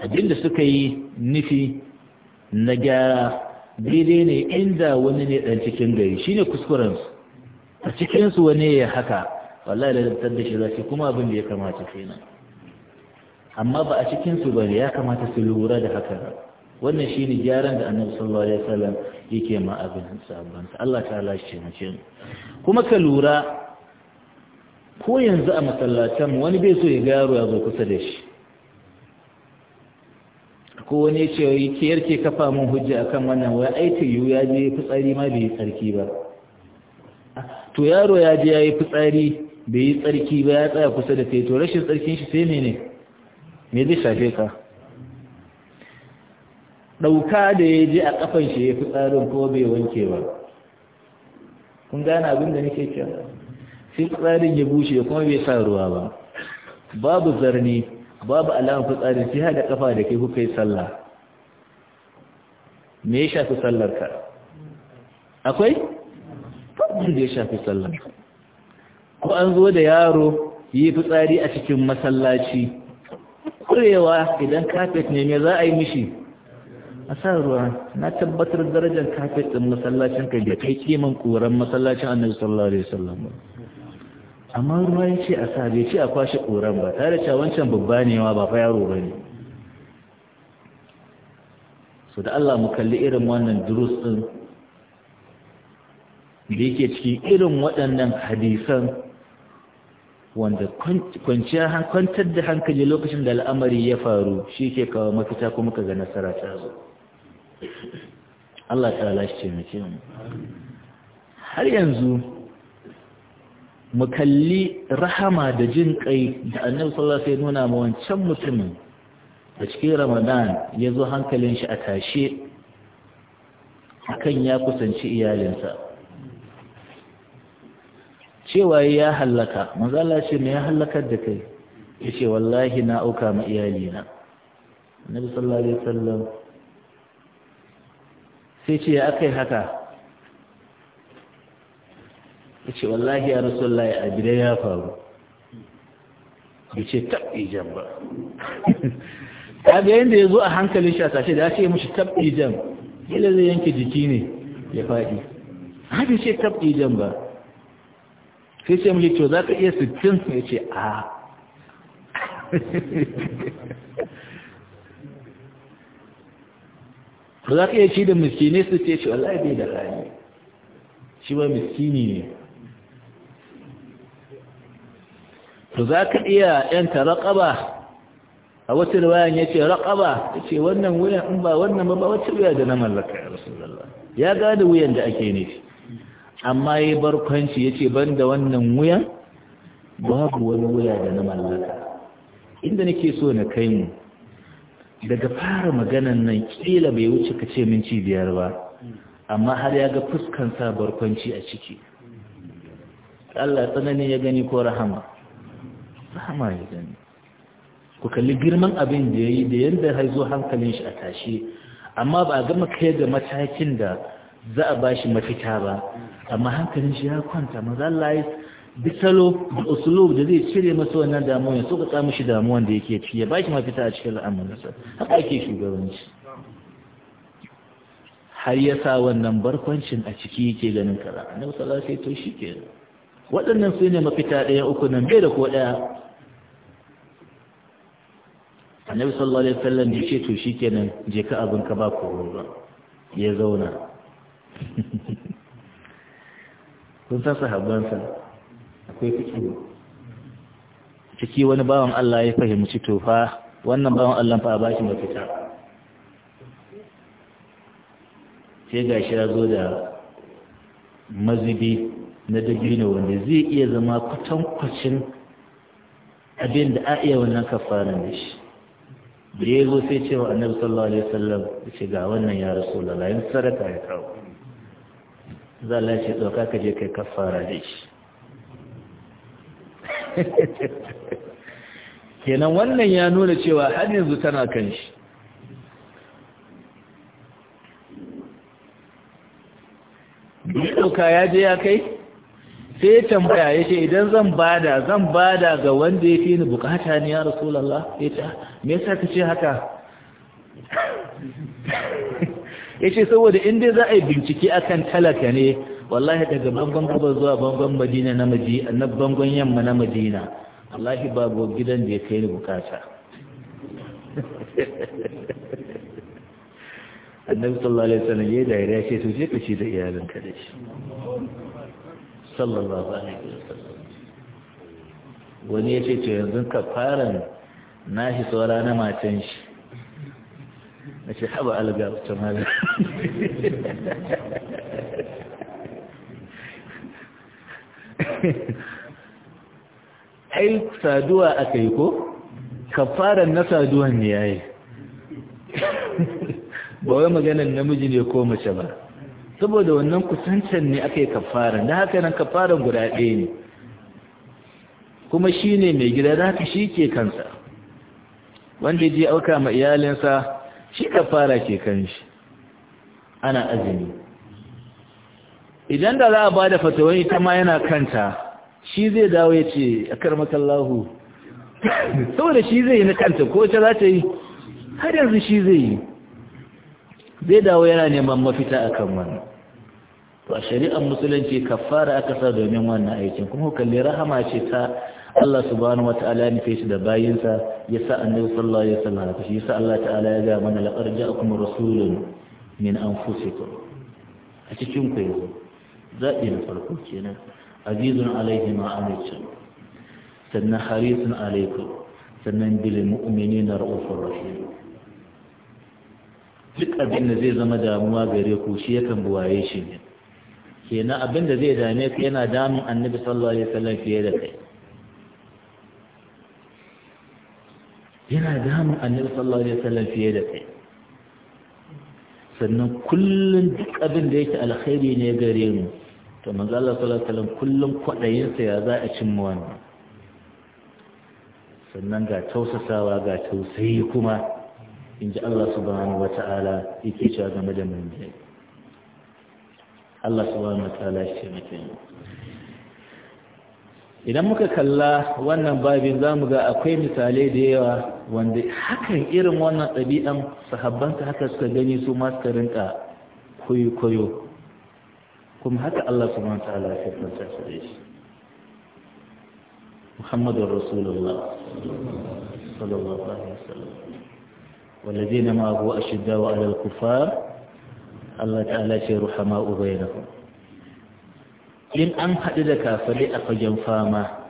abinda suka yi nufi na gyara daidai ne inda wani ne dan cikin gari shi ne kuskurensu a cikinsu wani ya haka wallahi da da shi zafi kuma abin da ya kamata kenan amma ba a cikinsu ba ne ya kamata su lura da haka wannan shi ne gyaran da annabi sallallahu alaihi wasallam yake ma abin sabon Allah ta'ala shi mace kuma ka lura ko yanzu a masallatan wani bai so ya ga yaro ya zo kusa da shi ko wani ya ce ke yarke kafa mun hujja akan wannan wai ai yu ya je fitsari ma bai yi tsarki ba to yaro ya je ya yi fitsari bai yi tsarki ba ya tsaya kusa da kai to rashin tsarkin shi sai ne me zai shafe ka ɗauka da ya je a ƙafan shi ya fi tsarin ko bai wanke ba kun gane abin da nake cewa sai tsarin ya bushe kuma bai sa ruwa ba babu zarni babu alamar tsarin, sai haɗa ƙafa da kai kuka yi sallah me ya shafi ka? akwai? babu da ya shafi sallarka ko an zo da yaro yi fitsari a cikin masallaci kurewa idan kafet ne me za a yi mishi a sa ruwa na tabbatar darajar kafet ɗin masallacin kai da kai kiman ƙoran masallacin annabi sallallahu alaihi wasallam amma ruwa ya ce a sa bai ce a kwashe ƙoran ba tare da wancan babba ne ma ba fa yaro ba ne so da Allah mu kalli irin wannan durus ɗin da yake ciki irin waɗannan hadisan wanda kwanciyar kwantar da hankali lokacin da al'amari ya faru shi ke kawo mafita kuma ka ga nasara ta zo Allah ta'ala shi taimake mu har yanzu mu kalli rahama da jin kai da annabi sallallahu alaihi wasallam nuna ma wancan mutumin a cikin Ramadan ya zo hankalin shi a tashe akan ya kusanci iyalinsa cewa ya hallaka manzo Allah ce me ya halaka da kai yace wallahi na auka ma iyalina annabi sallallahu alaihi wasallam sai ce ya aka yi haka ya ce wallahi ya rasulallah a abida ya faru ya ce taɓi jan ba ta ga ya zo a hankalin shi a sashe da ya ce mashi taɓi jan gila zai yanke jiki ne ya faɗi haɗe ce taɓi jan ba sai ce mashi to za ka iya sittin ya ce a ba za ka iya ci da miskini su ce shi wallahi bai da hali shi ba miskini ne to za ka iya yanta raƙaba a wata riwayan ya ce raƙaba ya ce wannan wuyan in ba wannan ba wata wuya da na mallaka ya rasulallah ya gada wuyan da ake nufi amma ya barkwanci ya ce ban da wannan wuyan babu wani wuya da na mallaka inda nake so na kai mu daga fara maganan nan kila bai wuce ka ce minci biyar ba amma har ya ga fuskan sa barkwanci a ciki Allah tsananin ya gani ko rahama rahama ya gani ku kalli girman abin da ya yi da yadda haizo hankalin shi a tashi amma ba a gama kai da matakin da za a bashi mafita ba amma hankalin shi ya kwanta maza Allah ya bisalo da usulub da zai cire masa wannan damuwa ya sauƙaƙa mishi damuwan da yake ciki ya ba shi mafita a cikin al'amuransa haka ake shugabanci har ya sa wannan barkwancin a ciki yake ganin kara annabi sallallahu alaihi wasallam sai to ke waɗannan su ne mafita ɗaya uku nan bai da ko ɗaya annabi sallallahu alaihi wasallam ya ce to shikenan je ka abin ka ba ko ba ya zauna kun san sa akwai fikiru ciki wani bawan Allah ya fahimci tofa wannan bawan Allah fa ba shi mafita sai ga shi ya zo da mazubi na dabino wanda zai iya zama kwatankwacin abin da a iya wannan kafaran da shi da ya zo sai cewa annabi sallallahu alaihi wasallam ya ce ga wannan ya rasulullahi lalayin sadaka ya kawo za a tsoka ka je kai kafara da shi kenan wannan ya nuna cewa har yanzu tana kan shi doka ya je ya kai sai tambaya ya ce idan zan bada zan bada ga wanda ya fi ni bukata ne ya rasulallah ya ce me yasa ka ce haka ya ce saboda inda za a yi bincike akan talaka ne wallahi daga bangon gaba zuwa bangon madina na maji na bangon yamma na madina wallahi babu gidan da ya kai ni bukata annabi sallallahu alaihi wasallam ya da ya ce to je ka ci da iyalin ka dai sallallahu alaihi wasallam wani ya ce to yanzu ka fara na shi saura na matan shi na ce haba alga ta mala ai saduwa aka yi ko kafaran na saduwan ne yayi ba wai maganar namiji ne ko mace ba saboda wannan kusancin ne aka yi kafaran da haka nan kafaran guda ɗaya ne kuma shi ne mai gida da haka shi ke kansa wanda ji auka ma iyalinsa shi kafara ke kan shi ana azumi idan da za a bada fatawai ita ma yana kanta shi zai dawo ya ce a karmakallahu saboda shi zai yi na kanta ko ta za ta yi har yanzu shi zai yi zai dawo yana neman mafita a kan wani to a shari'ar musulunci kafara aka sa domin wannan aikin kuma kalli rahama ce ta Allah subhanahu wata'ala ne fesu da bayinsa ya sa annabi sallallahu alaihi wasallam shi sa Allah ta'ala ya ga mana laqad ja'akum rasulun min anfusikum a cikin ku yanzu zaɓi na farko kenan azizun alaihi ma alaikum sannan harisun alaikum sannan bile bil na ra'ufur rahim duk abin da zai zama damuwa gare ku shi yakan buwaye shi ne kenan abin da zai dame ku yana damun annabi sallallahu alaihi wasallam fiye da kai yana damun annabi sallallahu alaihi wasallam fiye da kai sannan kullum duk abin da yake alkhairi ne gare mu to manzo Allah sallallahu alaihi wasallam kullum kwadayin sa ya za a cimma wannan sannan ga tausasawa ga tausayi kuma in ji Allah subhanahu wata'ala yake cewa game da mummunai Allah subhanahu wata'ala shi ne muke idan muka kalla wannan babin zamu ga akwai misalai da yawa wanda hakan irin wannan ɗabi'an sahabbansa haka suka gani su masu rinka koyo-koyo kuma haka Allah su manta lafiyar manta su da shi wa sallam wallazi na ma'abu a shidda wa alal kufa Allah ta lafiyar ruhama ubai in an haɗu da kafale a fagen fama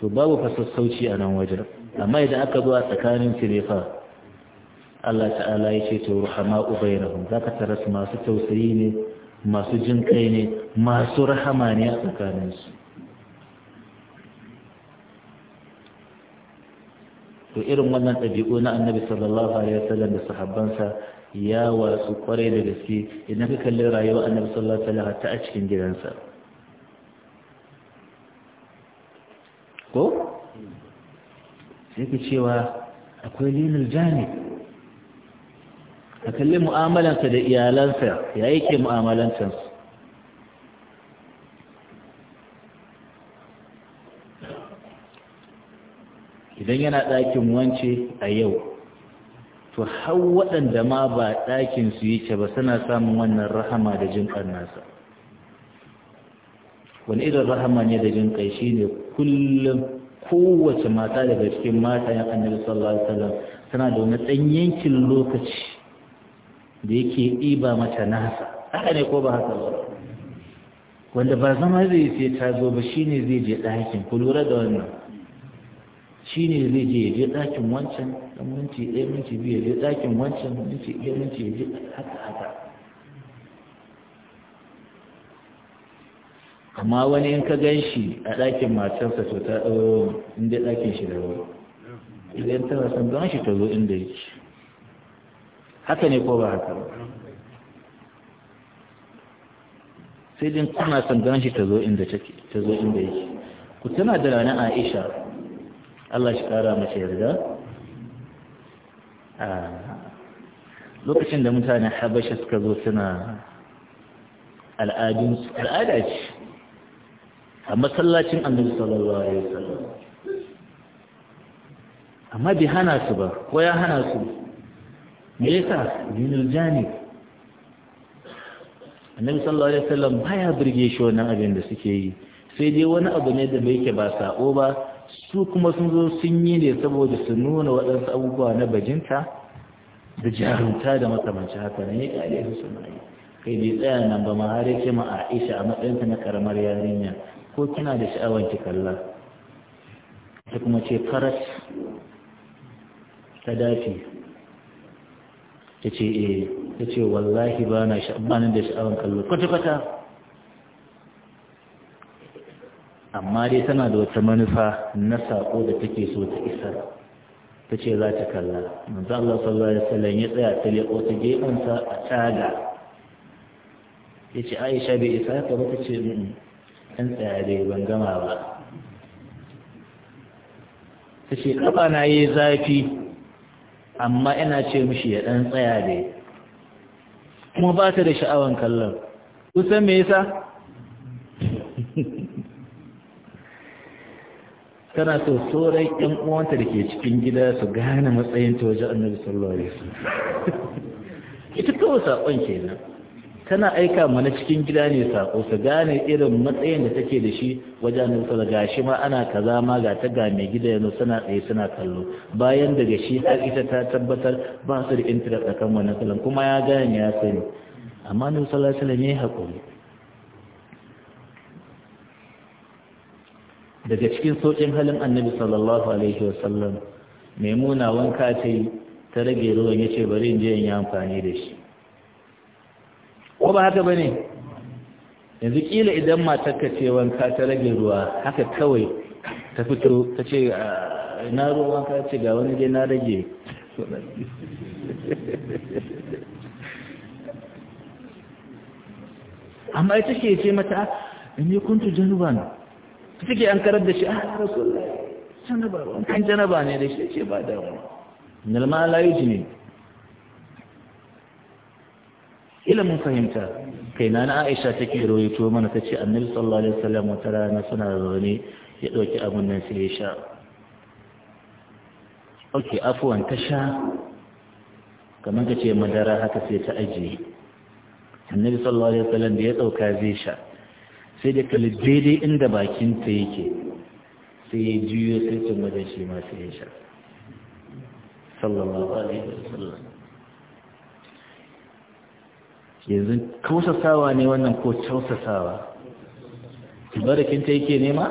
to babu fasassauci a nan wajen amma idan aka zuwa tsakanin tirefa Allah ta'ala ya ce to ruhama ubai na za ka tara su masu tausayi ne masu jin kai ne masu rahama ne a tsakaninsu to irin wannan ɗabi'u na annabi sallallahu alaihi wasallam da sahabbansa ya wasu kwarai da gaske idan ka kalli rayuwar annabi sallallahu alaihi wasallam ta a cikin gidansa ko sai ka cewa akwai lilil janib ka kalli mu'amalansa da iyalansa ya yake mu'amalantansu idan yana ɗakin wance a yau to har waɗanda ma ba ɗakin su yake ba suna samun wannan rahama da jin nasa wani irin rahama ne da jin ƙai ne kullum kowace mata daga cikin mata yan annabi sallallahu alaihi wasallam da wani ɗan yankin lokaci da yake ɗiba mata nasa haka ne ko ba haka ba wanda ba zama zai sai ta zo ba shine zai je ɗakin ku lura da wannan shine zai je ya je ɗakin wancan ɗan minti ɗaya minti biyu ya je ɗakin wancan minti ɗaya minti ya je haka haka amma wani in ka gan shi a ɗakin matarsa to ta ɗauro inda ɗakin shi da wani idan ta wasan don shi ta zo inda yake haka ne ko ba haka ba sai din kuna son ganin shi ta zo inda take ta zo inda yake ku tana da ranar Aisha Allah shi kara mace yarda a lokacin da mutanen Habasha suka zo suna al'adun al'ada ce a masallacin Annabi sallallahu alaihi wasallam amma bai hana su ba ko ya hana su me yasa dinul jani annabi sallallahu alaihi wasallam baya birge shi wannan abin da suke yi sai dai wani abu ne da bai ke ba sako ba su kuma sun zo sun yi ne saboda su nuna waɗansu abubuwa na bajinta da jarumta da makamancin haka ne ya ƙare su suna kai bai tsaya nan ba ma har yake ma Aisha a matsayinta na karamar yarinya ko kina da sha'awar ki kalla ta kuma ce faras ta dafi Ta ce eh ta ce wallahi ba na sha'abanin da sha'awar kallo kwata-kwata amma dai tana da wata manufa na saƙo da take so ta isar ta ce za ta kalla manzo Allah sallallahu alaihi wasallam ya tsaya ta leƙo ta sa a taga ya ce Aisha bai isa ta ba ta ce ɗan tsaya dai ban gama ba ta ce ƙafa na yi zafi amma ina ce mishi ya ɗan tsaya da ya kuma ba ta da sha'awan kallon kusan me yasa tana so tsoron ƴan uwanta da ke cikin gida su gane matsayin ta waje annabi sallallahu alaihi wasallam ita kawai saƙon kenan tana aika mana cikin gida ne sako su gane irin matsayin da take da shi wajen nusa da gashi ma ana kaza ma ga ta ga mai gida yanzu suna tsaye suna kallo bayan daga shi har ita ta tabbatar ba su da intanet a kan wani salon kuma ya gane ya sani amma nusa sallallahu alaihi hakuri daga cikin saukin halin annabi sallallahu alaihi wasallam maimuna wanka ta yi ta rage ruwan yace bari in je in yi amfani da shi ko ba haka bane yanzu kila idan matar ka ce wanka ta rage ruwa haka kawai ta fito ta ce ah, na ruwa ka ce ga wani dai na rage amma ita ke ce mata ah, in kuntu januban ta take an karar da shi ah, a rasulullah janaba wankan janaba ne da shi ce ba mu nalma la jini. ila fahimta kai na Aisha take rawaito mana tace Annabi sallallahu alaihi wasallam wata rana suna zaune ya dauki abun nan sai ya sha okay afwan ta sha kamar ka ce madara haka sai ta ajiye Annabi sallallahu alaihi wasallam da ya dauka zai sha sai da kalli daidai inda bakin ta yake sai ya juyo sai tun da shi ma sai ya sha sallallahu alaihi wasallam yanzu kausasawa ne wannan ko kausasawa barakin ta yake nema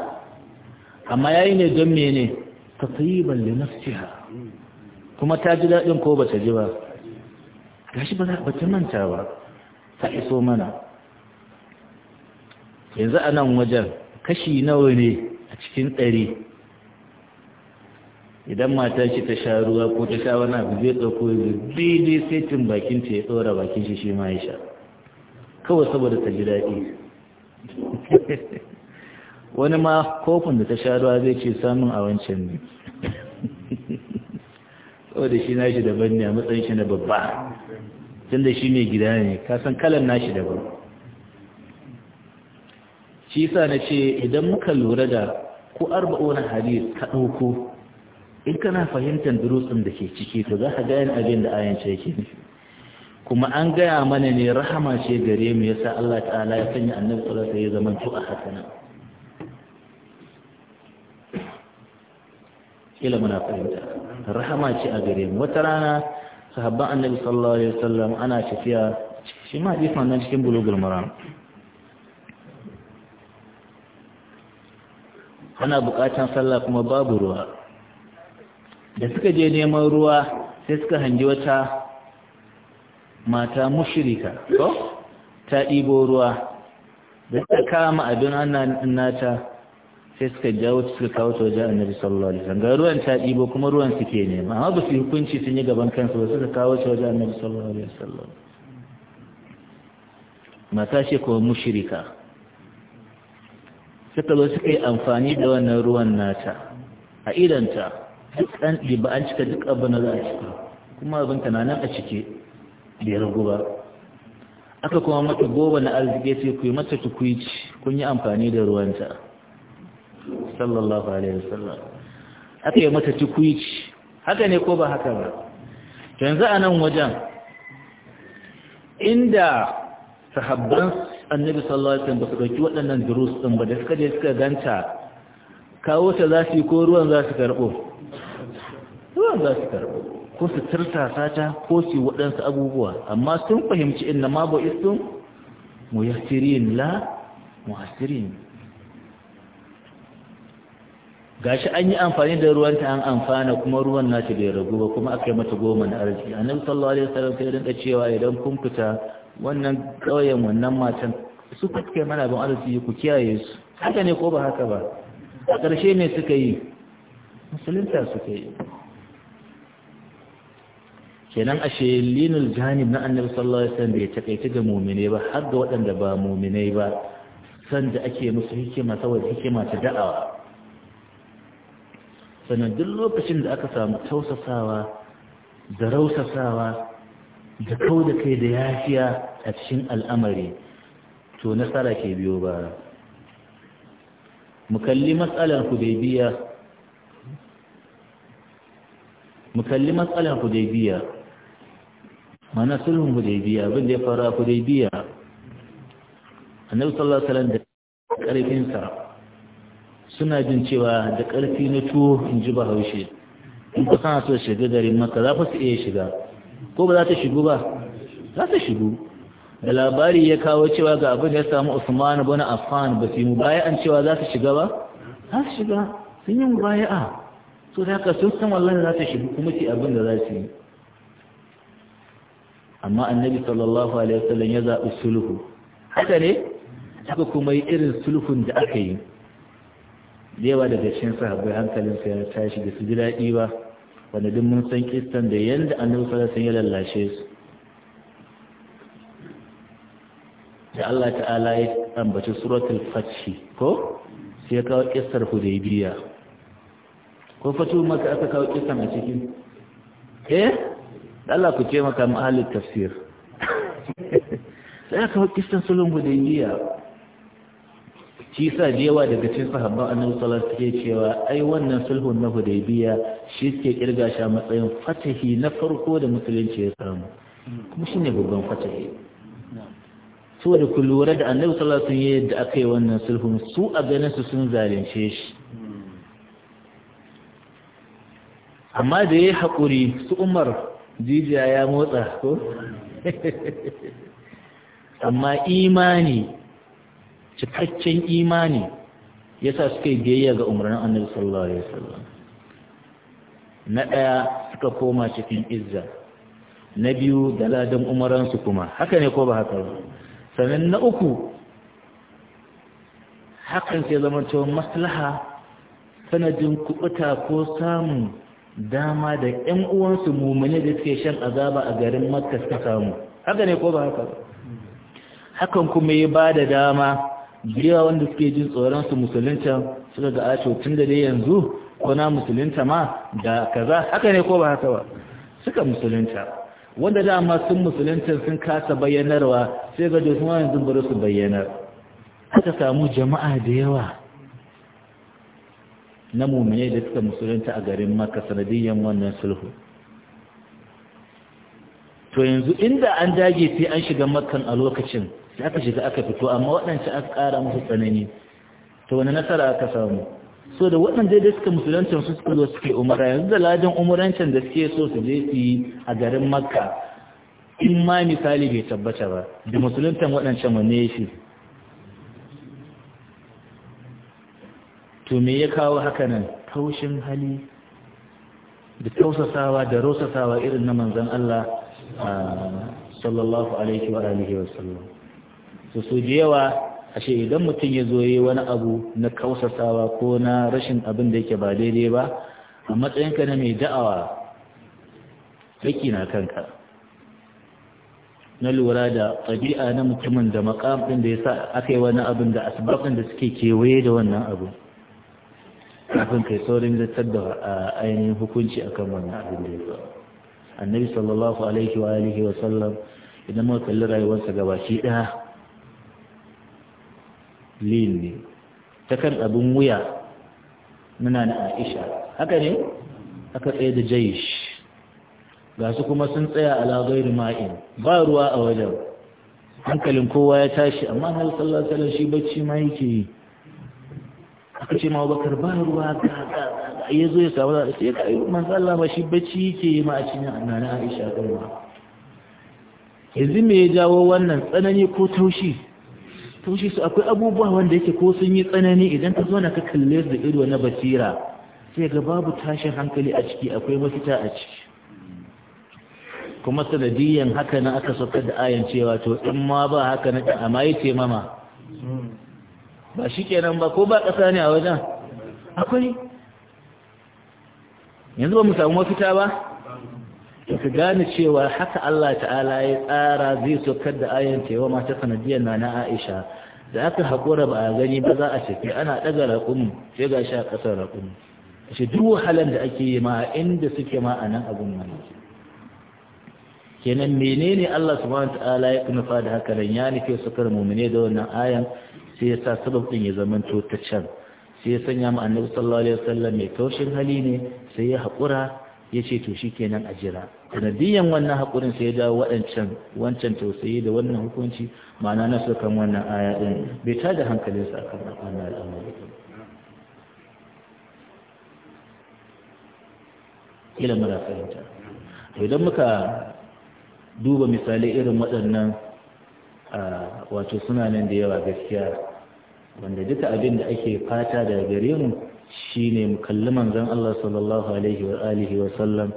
amma yayi ne don mene tatayiban li nafsiha kuma ta ji dadin ko bata ji ba gashi ba ba ta manta ba ta iso mana yanzu a nan wajen kashi nawa ne a cikin ɗari idan mata shi ta sha ruwa ko ta sha wani abu zai ɗauko daidai setin bakin ta ya ɗora bakin shi shi ma ya sha kawai saboda ta ji daɗi wani ma kofin da ta sha ruwa zai ce samun a wancan ne saboda shi nashi daban ne a matsayin shi na babba tun da shi mai gida ne kasan kalan nashi daban shi sa na ce idan muka lura da ko arba'una hadis ka ɗauko in kana fahimtar durusun da ke ciki to za ka yin abin da ayan ce yake nufi kuma an gaya mana ne rahama ce gare mu yasa Allah ta'ala ya sanya annabi sallallahu alaihi wasallam ya zama a hasana kila muna fahimta rahama ce a gare mu wata rana sahabban annabi sallallahu alaihi wasallam ana tafiya shi ma hadisin nan cikin bulugul maram ana bukatan sallah kuma babu ruwa da suka je neman ruwa sai suka hangi wata mata mushirika ko ta ɗibo ruwa da suka kama abin annan nata sai suka jawo suka kawo ta wajen annabi sallallahu alaihi wasallam ga ruwan ta ɗibo kuma ruwan suke nema amma ba su yi hukunci sun yi gaban kansu ba suka kawo ta wajen annabi sallallahu alaihi wasallam mata ce kuma mushirika suka zo suka yi amfani da wannan ruwan nata a idanta duk da ba an cika duk abin da za a cika kuma abin ka na nan a cike ya ragu ba aka kuma mata goma na arziki sai ku yi mata tukwici kun yi amfani da ruwanta sallallahu alaihi wasallam aka yi mata tukwici haka ne ko ba haka ba yanzu a nan wajen inda sahabban annabi sallallahu alaihi wasallam ba su dauki waɗannan durus din ba da suka je suka ganta kawo ta za su yi ko ruwan za su karɓo suwa za su karɓi ko su turtasa sata, ko su waɗansu abubuwa amma sun fahimci inna ma ba ya sirin la Ga gashi an yi amfani da ruwanta an amfana kuma ruwan ta bai ragu ba kuma aka yi mata goma na arziki nan sallallahu alaihi wasallam sai rinka cewa idan kun fita wannan ƙauyen wannan matan su kuka mana ban arziki ku kiyaye su haka ne ko ba haka ba a ƙarshe ne suka yi musulunta suka yi kenan ashe linul janib na annabi sallallahu alaihi wasallam bai takaice ga mu'mine ba har ga waɗanda ba mu'mine ba san da ake musu hikima saboda hikima ta da'awa sannan duk lokacin da aka samu tausasawa da rausasawa da kau da kai da yafiya a cikin al'amari to nasara ke biyo ba mu kalli matsalar hudaybiya mu kalli matsalar hudaybiya mana sulhun hudaybiya abin da ya faru a hudaybiya annabi sallallahu alaihi wasallam da karfin sa suna jin cewa da karfi na tuwo in ji bahaushe in ka sana so shiga garin maka za fa su iya shiga ko ba za ta shigo ba za ta shigo da labari ya kawo cewa ga abin ya samu Usman ibn Affan ba su yi mubaya'an cewa za su shiga ba za su shiga sun yi mubaya'a so da haka sun san wallahi za ta shigo kuma su abin da za su yi amma annabi sallallahu alaihi wasallam ya zaɓi sulhu haka ne haka kuma yi irin sulhun da aka yi da yawa daga cikin sahabbai sa ya tashi da su ji daɗi ba wanda duk mun san kistan da yanda annabi sallallahu alaihi wasallam ya lallashe su da Allah ta'ala ya ambaci suratul fath ko sai ya kawo kissar hudaybiya ko fatu maka aka kawo kissan a cikin eh Allah ku ce maka ma'alin tafsir sai aka hau kistan sulhun hudaybiya shi sa da yawa daga cikin sahabban annabi sallallahu alaihi cewa ai wannan sulhun na hudaybiya shi ke kirga shi a matsayin fatahi na farko da musulunci ya samu kuma ne babban fatahi saboda ku lura da annabi sallallahu alaihi yadda aka yi wannan sulhun su a ganin su sun zalunce shi amma da yayi hakuri, su Umar jijiya ya motsa ko amma imani cikakken imani ya sa suka yi biyayya ga umarnin annabi sallallahu alaihi wasallam na ɗaya suka koma cikin izza na biyu da ladan umaransu kuma haka ne ko ba haka ba sannan na uku hakan sai zama cewa maslaha sanadin kubuta ko samun dama da ƴan uwansu mumune da suke shan azaba a garin makka suka samu haka ne ko ba haka hakan kuma ya ba da dama biya wanda suke jin tsoron su musulunta suka ga aco tun da dai yanzu ko na musulunta ma da kaza haka ne ko ba haka ba suka musulunta wanda dama sun musulunta sun kasa bayyanarwa sai ga da ma yanzu bari su bayyanar aka samu jama'a da yawa na mumine da suka musulunta a garin maka sanadiyyan wannan sulhu to yanzu inda an dage sai an shiga Makkan a lokacin sai aka shiga aka fito amma waɗancan aka ƙara musu tsanani to wani nasara aka samu so da waɗanda da suka musulunta su suka zo suke umara yanzu da ladan umarancin da suke so su je su yi a garin makka in ma misali bai tabbata ba da musuluntan waɗancan wanne ya shi to me ya kawo haka nan taushin hali da tausasawa da rosasawa irin na manzan Allah sallallahu alaihi wa alihi wa sallam Su su da yawa ashe idan mutum ya zo yi wani abu na kausasawa ko na rashin abin da yake ba daidai ba a matsayinka na mai da'awa haƙƙi na kanka na lura da ɗabi'a na mutumin da makam ɗin da ya sa aka yi wani abin da asibabin da suke kewaye da wannan abu kafin kai saurin zartar da ainihin hukunci akan wannan abin da ya faru annabi sallallahu alaihi wa alihi wa sallam idan muka kalli rayuwarsa shi ɗaya lin ne ta kan abin wuya muna na aisha haka ne aka tsaye da jayish ga su kuma sun tsaya a lagairu ma'in ba ruwa a wajen hankalin kowa ya tashi amma hal sallallahu alaihi shi bacci ma yake yi aka ce ma bakar ba ruwa ga ya zo ya samu da sai ya yi manzo ba shi bacci ke yi ma a cikin annana Aisha din ma yanzu me ya jawo wannan tsanani ko taushi taushi su akwai abubuwa wanda yake ko sun yi tsanani idan ka zo na ka kalle da ido na basira sai ga babu tashin hankali a ciki akwai mafita a ciki kuma sanadiyyan haka na aka sauka da ayan cewa to in ma ba haka na amma yace mama ba shi kenan ba ko ba ƙasa ne a wajen akwai yanzu ba mu samu mafita ba ka gane cewa haka Allah ta'ala ya tsara zai sokar da ayan cewa mata sanadiyar na na Aisha da aka haƙura ba a gani ba za a shafi ana ɗaga raƙumi sai ga sha ƙasar raƙumi shi duk wahalar da ake yi ma inda suke ma a nan abin nan kenan menene Allah subhanahu ta'ala ya kuma da haka nan ya nufe su kar mu'mine da wannan ayan sai ya sa sabab din ya zama to ta can sai ya sanya mu annabi sallallahu alaihi wasallam mai taushin hali ne sai ya haƙura ya ce to shi kenan a jira sanadiyyan wannan haƙurin sai ya dawo waɗancan wancan tausayi da wannan hukunci ma'ana na kan wannan aya din bai hankali hankalinsa akan wannan al'amari kila mara fahimta idan muka duba misalai irin waɗannan wato suna nan da yawa gaskiya wanda duka abin da ake fata daga gare mu shine mu kalli manzon Allah sallallahu alaihi wa alihi wa sallam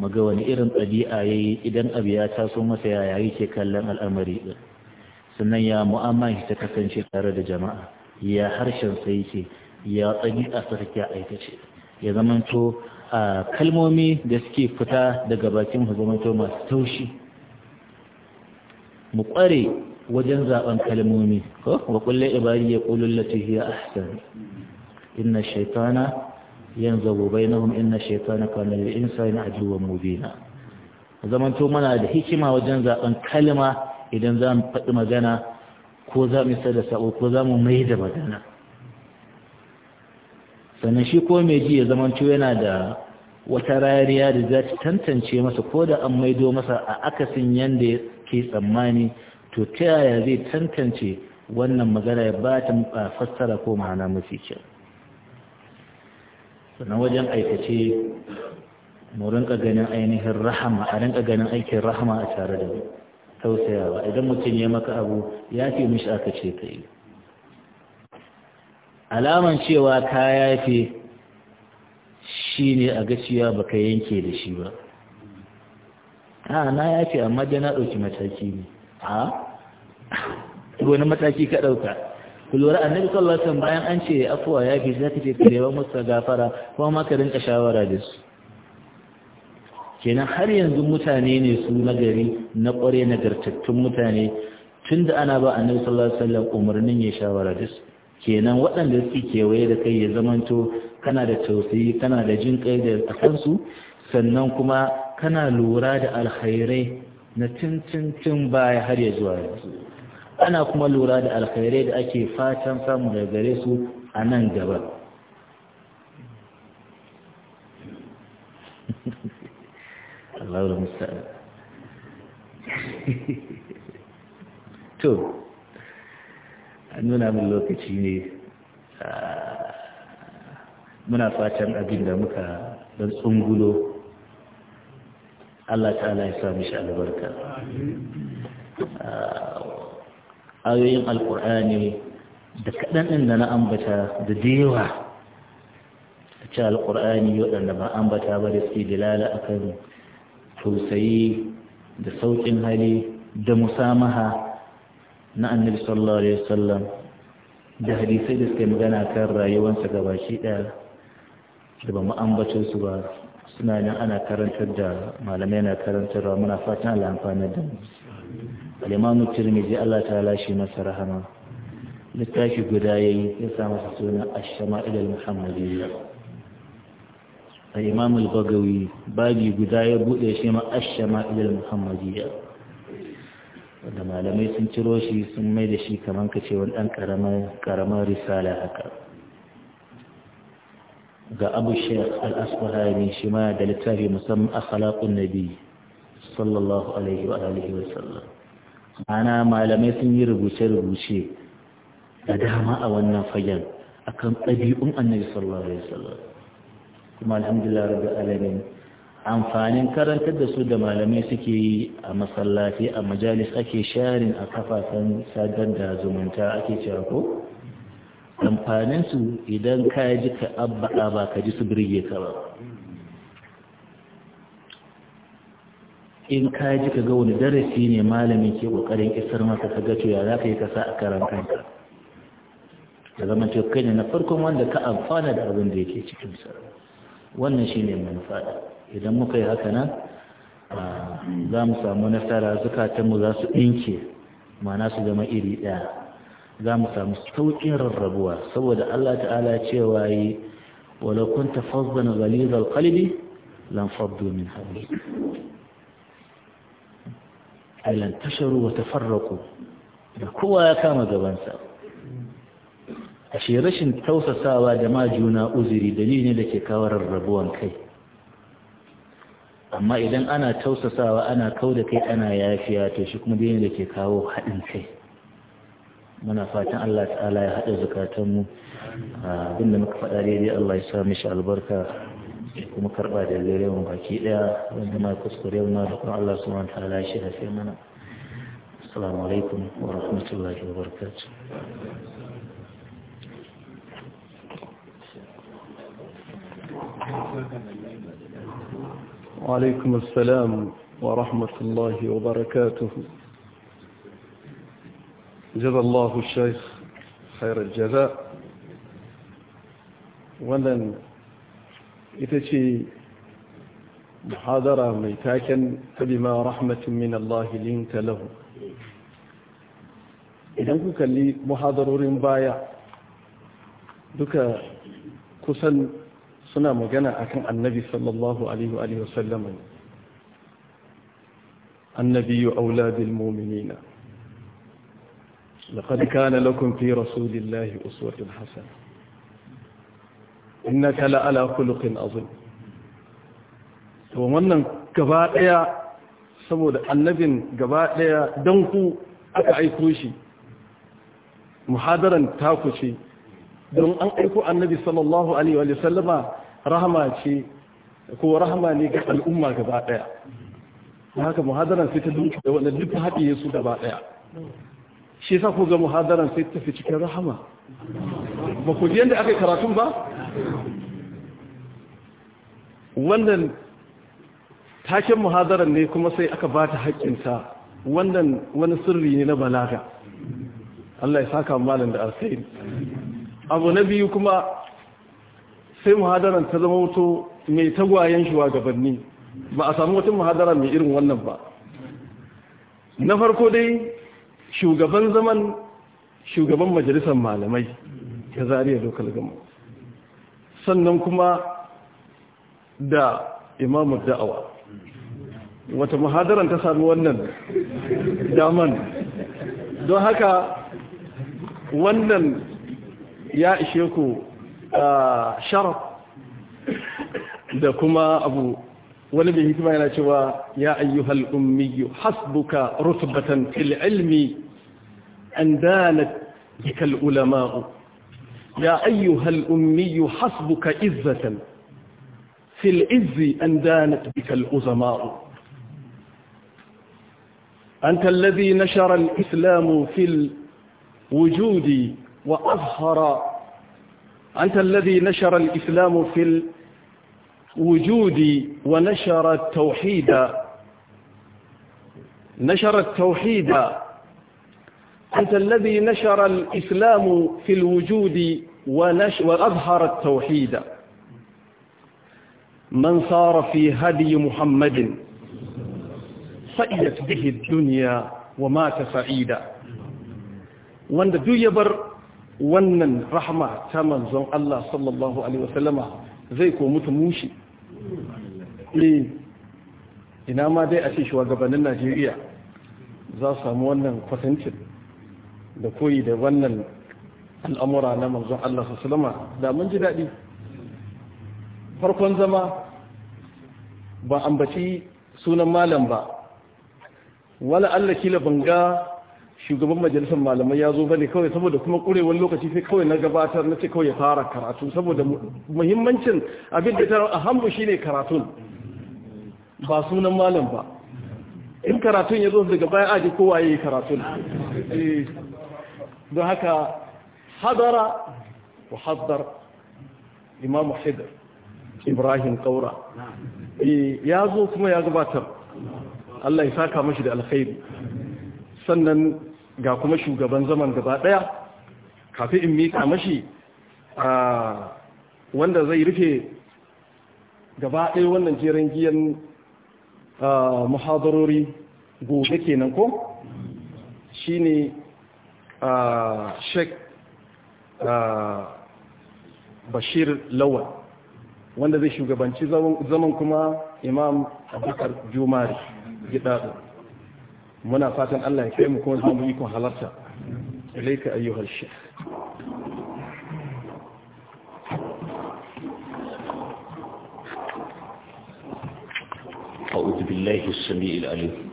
mu ga wani irin a yayi idan abu ya taso masa yaya ke kallon al'amari din sannan ya mu'amala ta kasance tare da jama'a ya harshen sa yake ya ɗabi'a sa a aikace ya zamanto a kalmomi da suke fita daga bakin hukumar masu taushi mu kware. wajen zaben kalmomi ko wa kullu ibadi yaqulu allati hiya ahsan inna shaytana yanzabu bainahum inna shaytana kana lil insani aduwwan mubina zamanto muna da hikima wajen zaben kalma idan za mu faɗi magana ko za mu isa da sabo, ko za mu mai da magana sannan shi ko mai ji ya zamanto yana da wata rariya da za ta tantance masa ko da an maido masa a akasin yadda ke tsammani to ta yaya zai tantance wannan magana ya ba ta fassara ko ma'ana mafi kyau sannan wajen aikace mu rinka ganin ainihin rahama a rinka ganin aikin rahama a tare da tausayawa idan mutum ya maka abu ya fi mishi aka ce ka yi alaman cewa ka yafe shi ne a gaciya ba ka yanke da shi ba a na yafe amma dana na ɗauki mataki ne a wani mataki ka ɗauka ku lura annabi sallallahu alaihi bayan an ce afuwa ya fi zaka ce ka neman musu gafara kuma ma ka rinka shawara da su kenan har yanzu mutane ne su na gari na kware nagartattun mutane tunda ana ba annabi sallallahu alaihi wasallam umarnin ya shawara da su kenan waɗanda suke kewaye da kai ya zamanto kana da tausayi kana da jin kai da akan sannan kuma kana lura da alkhairai na tuntuntun baya har ya zuwa yanzu ana kuma lura da alkhairai da ake fatan samu daga gare su a nan gaba da to nuna min lokaci ne ah, muna fatan abin da muka don tsungulo Allah ta'ala ya samu shi albarka ah, ayoyin alkur'ani da kaɗan ɗin da na ambata da dewa a ce alkur'ani waɗanda ba ambata ba da suke dilala akan tausayi da sauƙin hali da musamaha na annabi sallallahu alaihi wasallam da hadisai da suke magana kan rayuwarsa gabaki ɗaya da ba mu ambace su ba suna nan ana karantar da malamai na karantarwa muna fatan al'amfani da mu alimamu imam Tirmidhi Allah ta lashe masa rahama littafi guda yayi ya samu masa suna Ash-Shama'il al-Muhammadiyya al-Imam al-Bagawi babi guda ya bude shi ma Ash-Shama'il al-Muhammadiyya wanda malamai sun ciro shi sun mai da shi kamar kace wani dan karamar risala haka ga abu shekh al'asfahani shi ma da littafi musamman akhlaqun nabi sallallahu alaihi wa alihi wa sallam ana malamai sun yi rubuce-rubuce da dama a wannan fagen akan ɗabi'un annabi sallallahu alaihi wasallam kuma alhamdulillah rabbil alamin amfanin karantar da su da malamai suke yi a masallaci a majalis ake sharin a kafafen sadar da zumunta ake cewa ko amfaninsu idan ka ji ka abba'a ba ka ji su birge ka ba in ka ji ka ga wani darasi ne malami ke ƙoƙarin isar maka ka ga cewa za ka yi kasa a karan kanka da zama ce kai ne na farkon wanda ka amfana da abin da yake cikin sa wannan shi ne manufa idan muka yi haka nan za mu samu nasara zukatanmu za su ɗinke ma'ana su zama iri ɗaya za mu samu sauƙin rarrabuwa saboda Allah ta'ala cewa yi wala kunta fazzan ghalizal qalbi lan faddu min hawli ay lan tasharu wa tafarraqu da kowa ya kama gabansa ashe rashin tausasawa da ma juna uzuri dalili ne da ke kawo rarrabuwan kai amma idan ana tausasawa ana kauda kai ana yafiya to shi kuma dalili da ke kawo haɗin kai muna fatan Allah ta'ala ya haɗa zukatanmu abinda muka faɗa daidai Allah ya sa mishi albarka kuma karɓa da lalewa baki ɗaya wanda ma kuskure na da kuma Allah subhanahu wa ta'ala shi hafe mana assalamu alaikum wa rahmatullahi wa barakatuh وعليكم السلام ورحمة الله وبركاته جزا الله الشيخ خير الجزاء ولن إتشي محاضرة ميتاكا فبما رحمة من الله لينت له إذن كوكا لي محاضر رمبايا دوكا كسن سنة مجانا أكن النبي صلى الله عليه وآله وسلم النبي أولاد المؤمنين لقد كان لكم في رسول الله أسوة حسنة إنك لألا خلق عظيم wannan gaba saboda annabin gaba ɗaya ku aka aiko shi muhadaran ta ce don an aiko annabi sallallahu alaihi wa sallama rahama ce ko rahama ne ga al'umma gaba ɗaya haka muhadaran sai ta dunka da wannan duk haɗiye su gaba shi sa ku ga muhadaran sai tafi cikin rahama ba ku ji da aka yi karatun ba wannan taken muhadaran ne kuma sai aka ba ta haƙƙinta wannan wani sirri ne na balaga Allah ya saka malam da alkhairi abu na biyu kuma sai muhadaran ta zama wato mai tagwayen shugabanni ba a samu wata muhadara mai irin wannan ba na farko dai shugaban zaman shugaban majalisar malamai ta zariya local gama sannan kuma da imamu da'awa wata muhadaran ta sami wannan daman don haka wannan ya ishe ku sharaf da kuma abu wani mai hikima yana cewa ya ayyuhal ummiyu hasbuka rutbatan fil ilmi أن دانت بك العلماء يا أيها الأمي حسبك إزة في العز أن دانت بك العظماء أنت الذي نشر الإسلام في الوجود وأظهر أنت الذي نشر الإسلام في الوجود ونشر التوحيد نشر التوحيد أنت الذي نشر الإسلام في الوجود ونش وأظهر التوحيد من صار في هدي محمد سئت به الدنيا ومات سعيدا وان يبر وان رحمة تمن زون الله صلى الله عليه وسلم زيك ومتموشي إيه إنما دي أتيش وقبننا جيئة زاصة موانا قتنتل da koyi da wannan al'amura na manzon Allah su salama da mun ji daɗi farkon zama ba ambaci sunan malam ba wala Allah kila banga shugaban majalisar malamai ya zo bane kawai saboda kuma kurewar lokaci sai kawai na gabatar na ce kawai ya fara karatu saboda muhimmancin abin da tarar a hambu shine karatun ba sunan malam ba in karatun ya zo daga baya aji kowa ya yi karatun eh. don haka hadara wa haddar imamu hidar ibrahim kaura eh, ya zo kuma ya gabatar Allah ya saka mashi da alkhairi sannan ga kuma shugaban zaman gaba daya kafin in mika mashi wanda zai rufe gaba daya wannan jiran giyan muhadarori gobe kenan ko shine sheik bashir Lawal, wanda zai shugabanci zaman kuma imam abubakar jumari gidaɗo muna fatan allah ya kai mu kuma zama ikon halarta ilaika ayyuhar sheik أعوذ بالله السميع العليم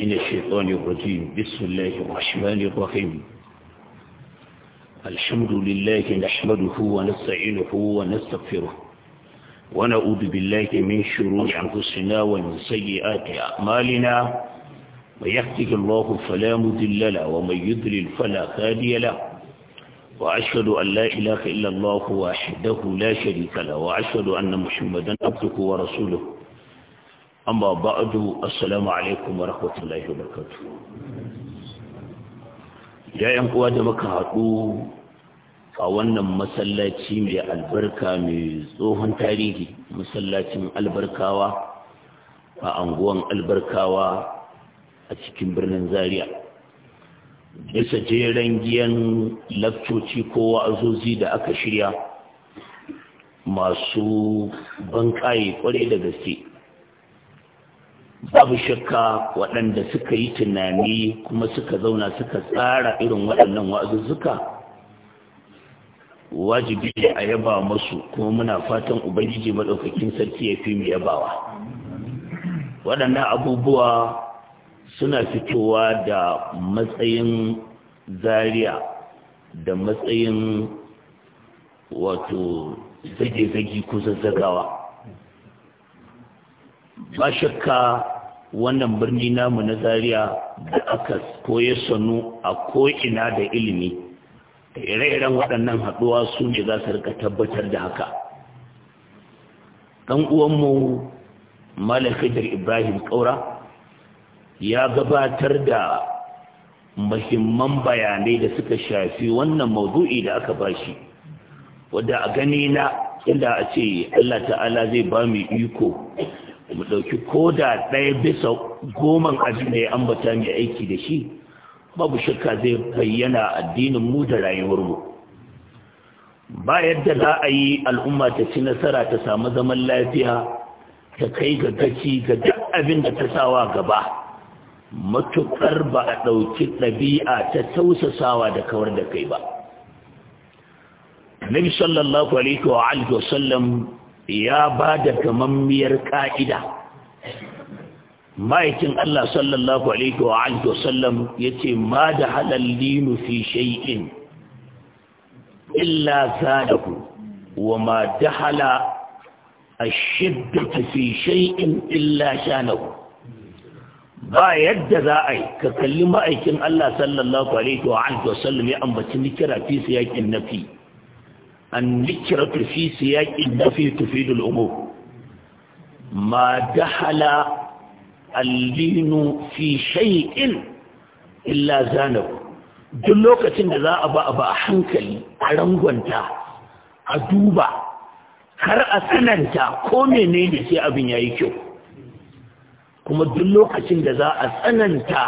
من الشيطان الرجيم بسم الله الرحمن الرحيم الحمد لله نحمده ونستعينه ونستغفره ونعوذ بالله من شرور أنفسنا ومن سيئات أعمالنا من يهده الله فلا مذل له ومن يذلل فلا هادي له وأشهد أن لا إله إلا الله وحده لا شريك له وأشهد أن محمدا عبده ورسوله amma ba'adu assalamu alaikum wa rahmatullahi wa barakatuhu ya uwa da muka haɗu a wannan masallaci mai albarka mai tsohon tarihi masallacin albarkawa a anguwan albarkawa a cikin birnin zaria bisa jeren giyan laftoci ko wa'azozi da aka shirya masu ban kaye kwarai da gaske babu shakka waɗanda suka yi tunani kuma suka zauna suka tsara irin waɗannan wa'azuzzuka wajibi a yaba masu kuma muna fatan ubangiji maɗaukakin sarki ya fi mu yabawa waɗannan abubuwa suna fitowa da matsayin zariya da matsayin wato zage-zage ko zazzagawa ba shakka wannan birni namu na Zariya da aka koya sanu a ko'ina da ilimi da ire-iren waɗannan haɗuwa su ne za su rika tabbatar da haka ɗan uwanmu malakidar ibrahim ƙaura ya gabatar da mahimman bayanai da suka shafi wannan maudu'i da aka bashi wadda a gani na inda a ce Allah ta'ala zai ba mu iko mu ɗauki koda ɗaya bisa goman abin da ya ambata mai aiki da shi babu shakka zai bayyana addinin mu da rayuwarmu. ba yadda za a yi al'umma ta ci nasara ta samu zaman lafiya ta kai ga gaci ga duk abin da ta sawa gaba matuƙar ba a ɗauki ɗabi'a ta tausasawa da kawar da kai ba. Nabi sallallahu alaihi wa sallam ya ba da gamammiyar ka'ida ma'aikin Allah sallallahu alaihi wa alihi wasallam yace ma da halal dinu fi shay'in illa sadahu wa ma dahala ashiddatu fi shay'in illa shanahu ba yadda za a yi ka kalli ma'aikin Allah sallallahu alaihi wa alihi wasallam ya ambaci nikira fi siyakin nafi النكرة في سياق النفي تفيد الأمور Ma dahala. Allinu fi شيء Illa زانه duk lokacin da za a ba a ba a hankali a rangwanta a duba har a tsananta ko menene sai abin yayi kyau kuma duk lokacin da za a tsananta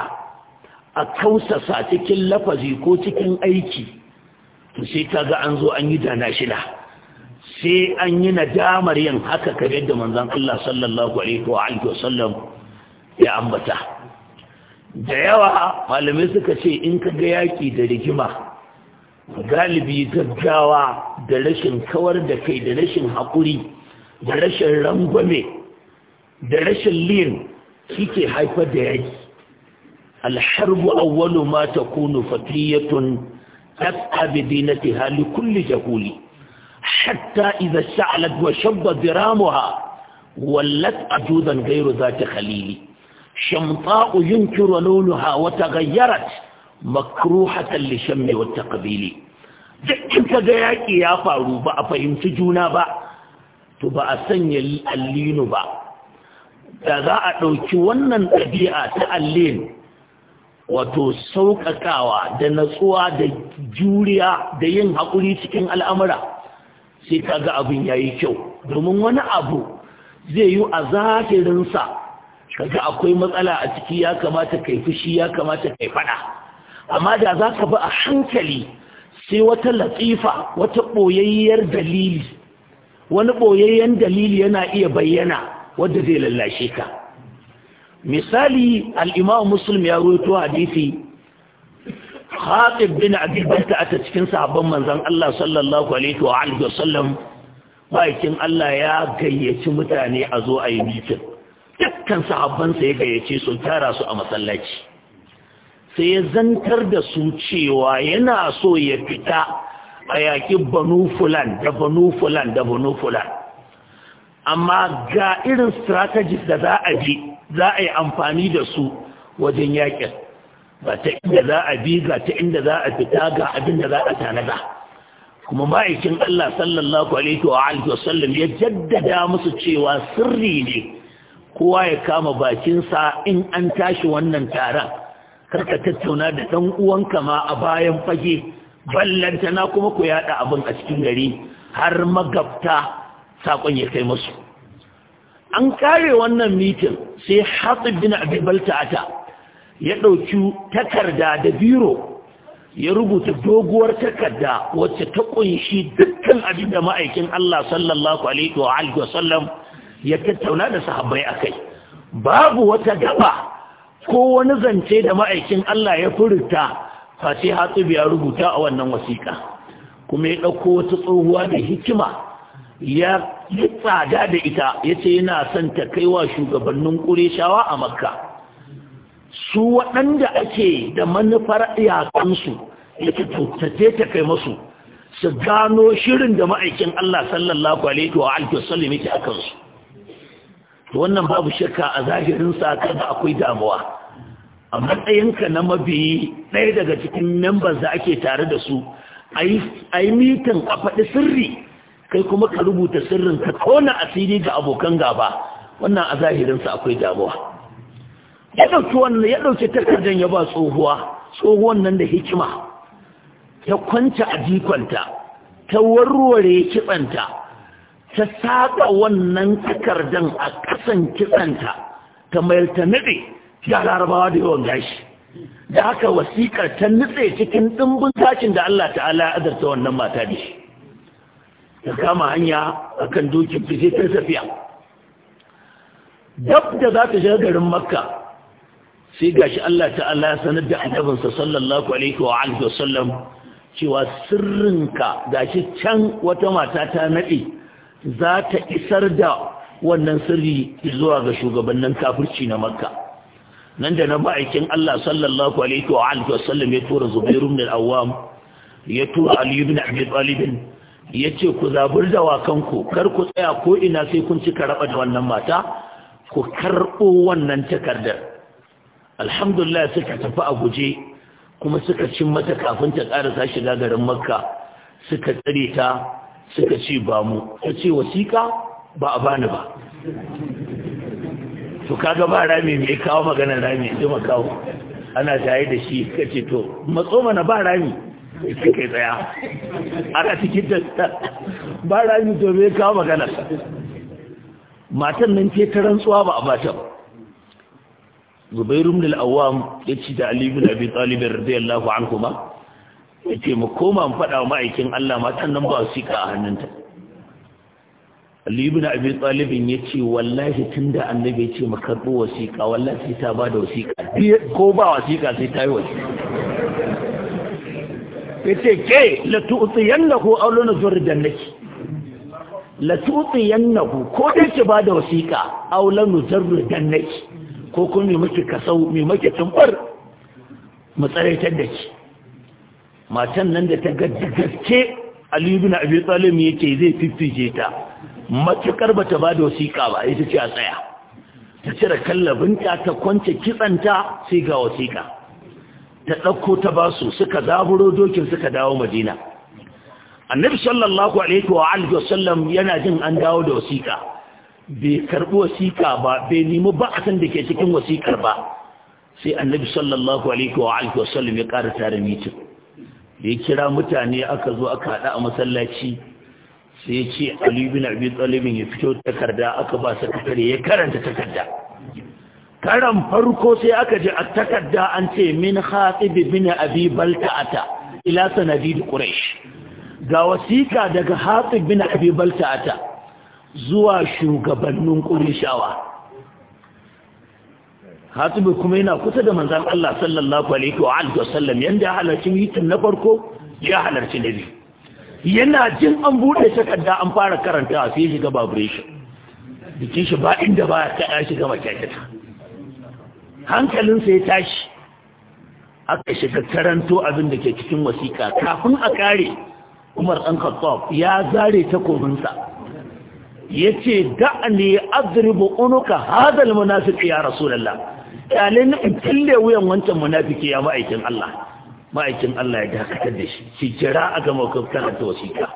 a kausasa cikin lafazi ko cikin aiki to sai ta ga an zo an yi dana shida sai an yi nadamar yin haka kamar da manzon Allah sallallahu alaihi wa alihi ya ambata da yawa malamai suka ce in ka ga yaki da rigima galibi gaggawa da rashin kawar da kai da rashin haƙuri da rashin rangwame da rashin lin shi ke haifar da yaki alharbu awwalu ma takunu fatiyatun تسعى بدينتها لكل جهول حتى إذا اشتعلت وشب ذرامها ولت أجودا غير ذات خليل شمطاء ينكر لونها وتغيرت مكروحة للشم والتقبيل in ka ga yaƙi ya faru ba a fahimci juna ba to ba a sanya allinu ba da za a ɗauki wannan ɗabi'a ta allin wato sauƙaƙawa da natsuwa da juriya da yin haƙuri cikin al'amura sai ga abin ya yi kyau domin wani abu zai yi a zahirinsa Ka ga akwai matsala a ciki ya kamata kai fushi ya kamata kai fada amma da za ka ba a hankali sai wata latsifa wata ɓoyayyar dalili wani ɓoyayyen dalili yana iya bayyana wadda zai lallashe ka misali al'imam musulmi ya ruwaito hadisi khatib bin abi bakta a cikin sahabban manzon Allah sallallahu alaihi wa alihi wasallam bakin Allah ya gayyaci mutane a zo a yi mitin dukkan sahabbansa ya gayyace su tara su a masallaci sai ya zantar da su cewa yana so ya fita a yaƙi banu fulan da banu fulan da banu fulan amma ga irin strategies da za a ji za a yi amfani da su wajen yakin ba ta inda za a bi ga ta inda za a fita ga abin da za a tanada kuma ma'aikin Allah sallallahu alaihi wa alihi wa sallam ya jaddada musu cewa sirri ne kowa ya kama bakinsa in an tashi wannan taron karka tattauna da dan ka ma a bayan fage na kuma ku yada abin a cikin gari har magabta sakon ya kai musu an kare wannan mitin sai hatib bin abi ta. ya ɗauki takarda da biro ya rubuta doguwar takarda wacce ta ƙunshi dukkan abin da ma'aikin Allah sallallahu alaihi wa sallam ya tattauna da sahabbai a kai. babu wata gaba ko wani zance da ma'aikin Allah ya furta fashe sai hatib ya rubuta a wannan wasiƙa kuma ya ɗauko wata tsohuwa da hikima ya yi tsada da ita ya ce yana son ta kai wa shugabannin ƙureshawa a makka su waɗanda ake da manufar yakansu ya ce tattace ta kai masu su gano shirin da ma'aikin Allah sallallahu alaihi wa alihi wasallam yake akan su wannan babu shakka a zahirin sa kada akwai damuwa a matsayinka na mabiyi ɗaya daga cikin members da ake tare da su a yi mitin a faɗi sirri kai kuma ka rubuta sirrin ka tona asiri ga abokan gaba wannan a zahirinsa akwai damuwa ya ɗauki wannan ya ɗauki takardar ya ba tsohuwa tsohuwan nan da hikima ta kwanta a jikonta ta warware kitsanta ta saƙa wannan takardar a kasan kitsanta ta mayar ta naɗe ga larabawa da yawan gashi da haka wasiƙar ta nutse cikin dimbin tashin da Allah ta'ala ya azarta wannan mata da shi ya kama hanya a kan dokin sai ta tafiya dab da za ta shiga garin makka sai gashi Allah ta'ala ya sanar da annabinsa sallallahu alaihi wa alihi wasallam cewa sirrinka gashi can wata mata ta nade za ta isar da wannan sirri zuwa ga shugabannin kafirci na Makka nan da na ma'aikin Allah sallallahu alaihi wa alihi wasallam ya tura Zubairu ibn al-Awwam ya tura Ali ibn Abi Talib ya ce ku zabur dawakanku kar ku tsaya ko ina sai kun ci karaba da wannan mata ku karɓo wannan takardar alhamdulillah suka tafi a guje kuma suka cin mata kafin ta ƙarasa shiga garin makka suka tsare ta suka ce ba mu ta ce wasiƙa ba a bani ba to kaga ba rami mai kawo maganar rami sai makawo ana tare da shi kace to matso mana ba rami tsaya aka cikin ba rami to kawo magana matan nan ke ta rantsuwa ba a bata ba zubairun da al'awam ya ci da alibin abin talibin radiyallahu an kuma ya ce mu koma mu faɗa ma'aikin allah matan nan ba su ka a hannunta alibin abin talibin ya ce wallahi tun da annabi ya ce mu karɓi wasiƙa wallahi sai ta ba da wasiƙa ko ba wasiƙa sai ta yi wasiƙa yace ke latu'utiyan na ko la nuzur jannati la na ko ko dai ki bada da wasiƙa la nuzur jannati ko kuma mai maki kasau mai maki tumbar mu da ki matan nan da ta gaddi gaske aliyu bin abi talib yake zai fifije ta matukar bata ba da wasiƙa ba yace ce a tsaya ta cire kallabinta ta kwance kitsanta sai ga wasiƙa ta ɗauko ta ba su suka zaburo dokin suka dawo madina annabi sallallahu alaihi wa alihi wasallam yana jin an dawo da wasiƙa bai karɓi wasiƙa ba bai nemi ba a san da ke cikin wasiƙar ba sai annabi sallallahu alaihi wa alihi wasallam ya ƙara tare mitin ya kira mutane aka zo aka haɗa a masallaci sai ya ce Ali Abi ya fito takarda aka ba sakatare ya karanta takarda karan farko sai aka ji a takarda an ce min haɗibi bin abi balta'ata ila sanadi da ƙuraish ga wasiƙa daga haɗibi bin abi balta'ata zuwa shugabannin ƙurishawa haɗibi kuma yana kusa da manzan Allah sallallahu alaihi wa alihi wasallam yanda ya halarci mitin na farko ya halarci na yana jin an buɗe takarda an fara karanta sai shiga baburation jikin shi ba inda ba ya shiga makyakita hankalinsa ya tashi aka shiga karanto abin da ke cikin wasiƙa kafin a kare umar ɗan khattab ya zare takobinsa ya ce da'ani adribu unuka hadal munafiki ya rasulallah kyalin in kille wuyan wancan munafiki ya ma'aikin Allah ma'aikin Allah ya dakatar da shi shi jira a gama karanta wasiƙa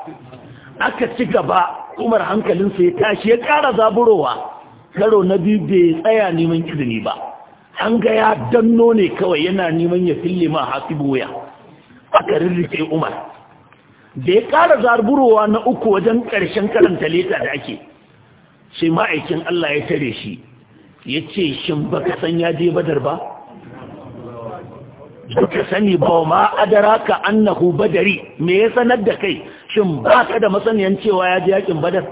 aka ci gaba umar hankalinsa ya tashi ya ƙara zaburowa karo na biyu bai tsaya neman izini ba an ga ya danno ne kawai yana neman ya fille ma hasibu a aka rirrife umar da ya ƙara zarburowa na uku wajen ƙarshen karanta leta da ake sai ma'aikin Allah ya tare shi ya ce shin baka san ya je badar ba ka sani ba ma adara ka annahu badari me ya sanar da kai shin ka da masaniyan cewa ya je yakin badar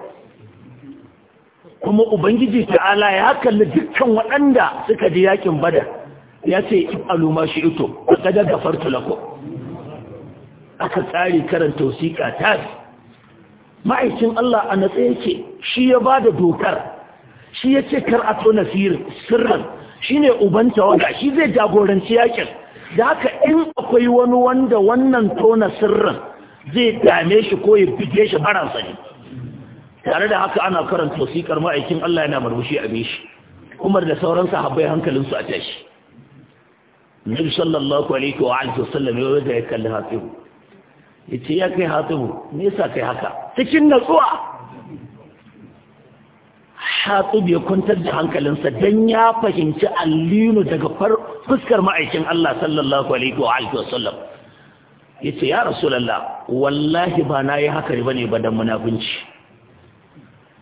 kuma ubangiji ta'ala ya kalli dukkan waɗanda suka ji yakin bada ya ce aluma shi ito a da gafartu lako aka tsari karanta wasiƙa ta ma'aikin Allah a natsa yake shi ya ba da dokar shi ya ce kar a tona sirrin shi ne ubanta wanda shi zai jagoranci yakin da haka in akwai wani wanda wannan tona sirrin zai dame shi ko ya bige shi baransa ne tare da haka ana karanta wasiƙar ma'aikin Allah yana marmushi a bishi Umar da sauran sahabbai hankalinsu a tashi Nabi sallallahu alaihi wa alihi wasallam ya waje ya kalli Hatibu yace ya kai Hatibu me yasa kai haka cikin natsuwa Hatib ya kwantar da hankalinsa dan ya fahimci allinu daga fuskar ma'aikin Allah sallallahu alaihi wa alihi wasallam yace ya rasulullah wallahi ba na yi haka bane ba dan munafunci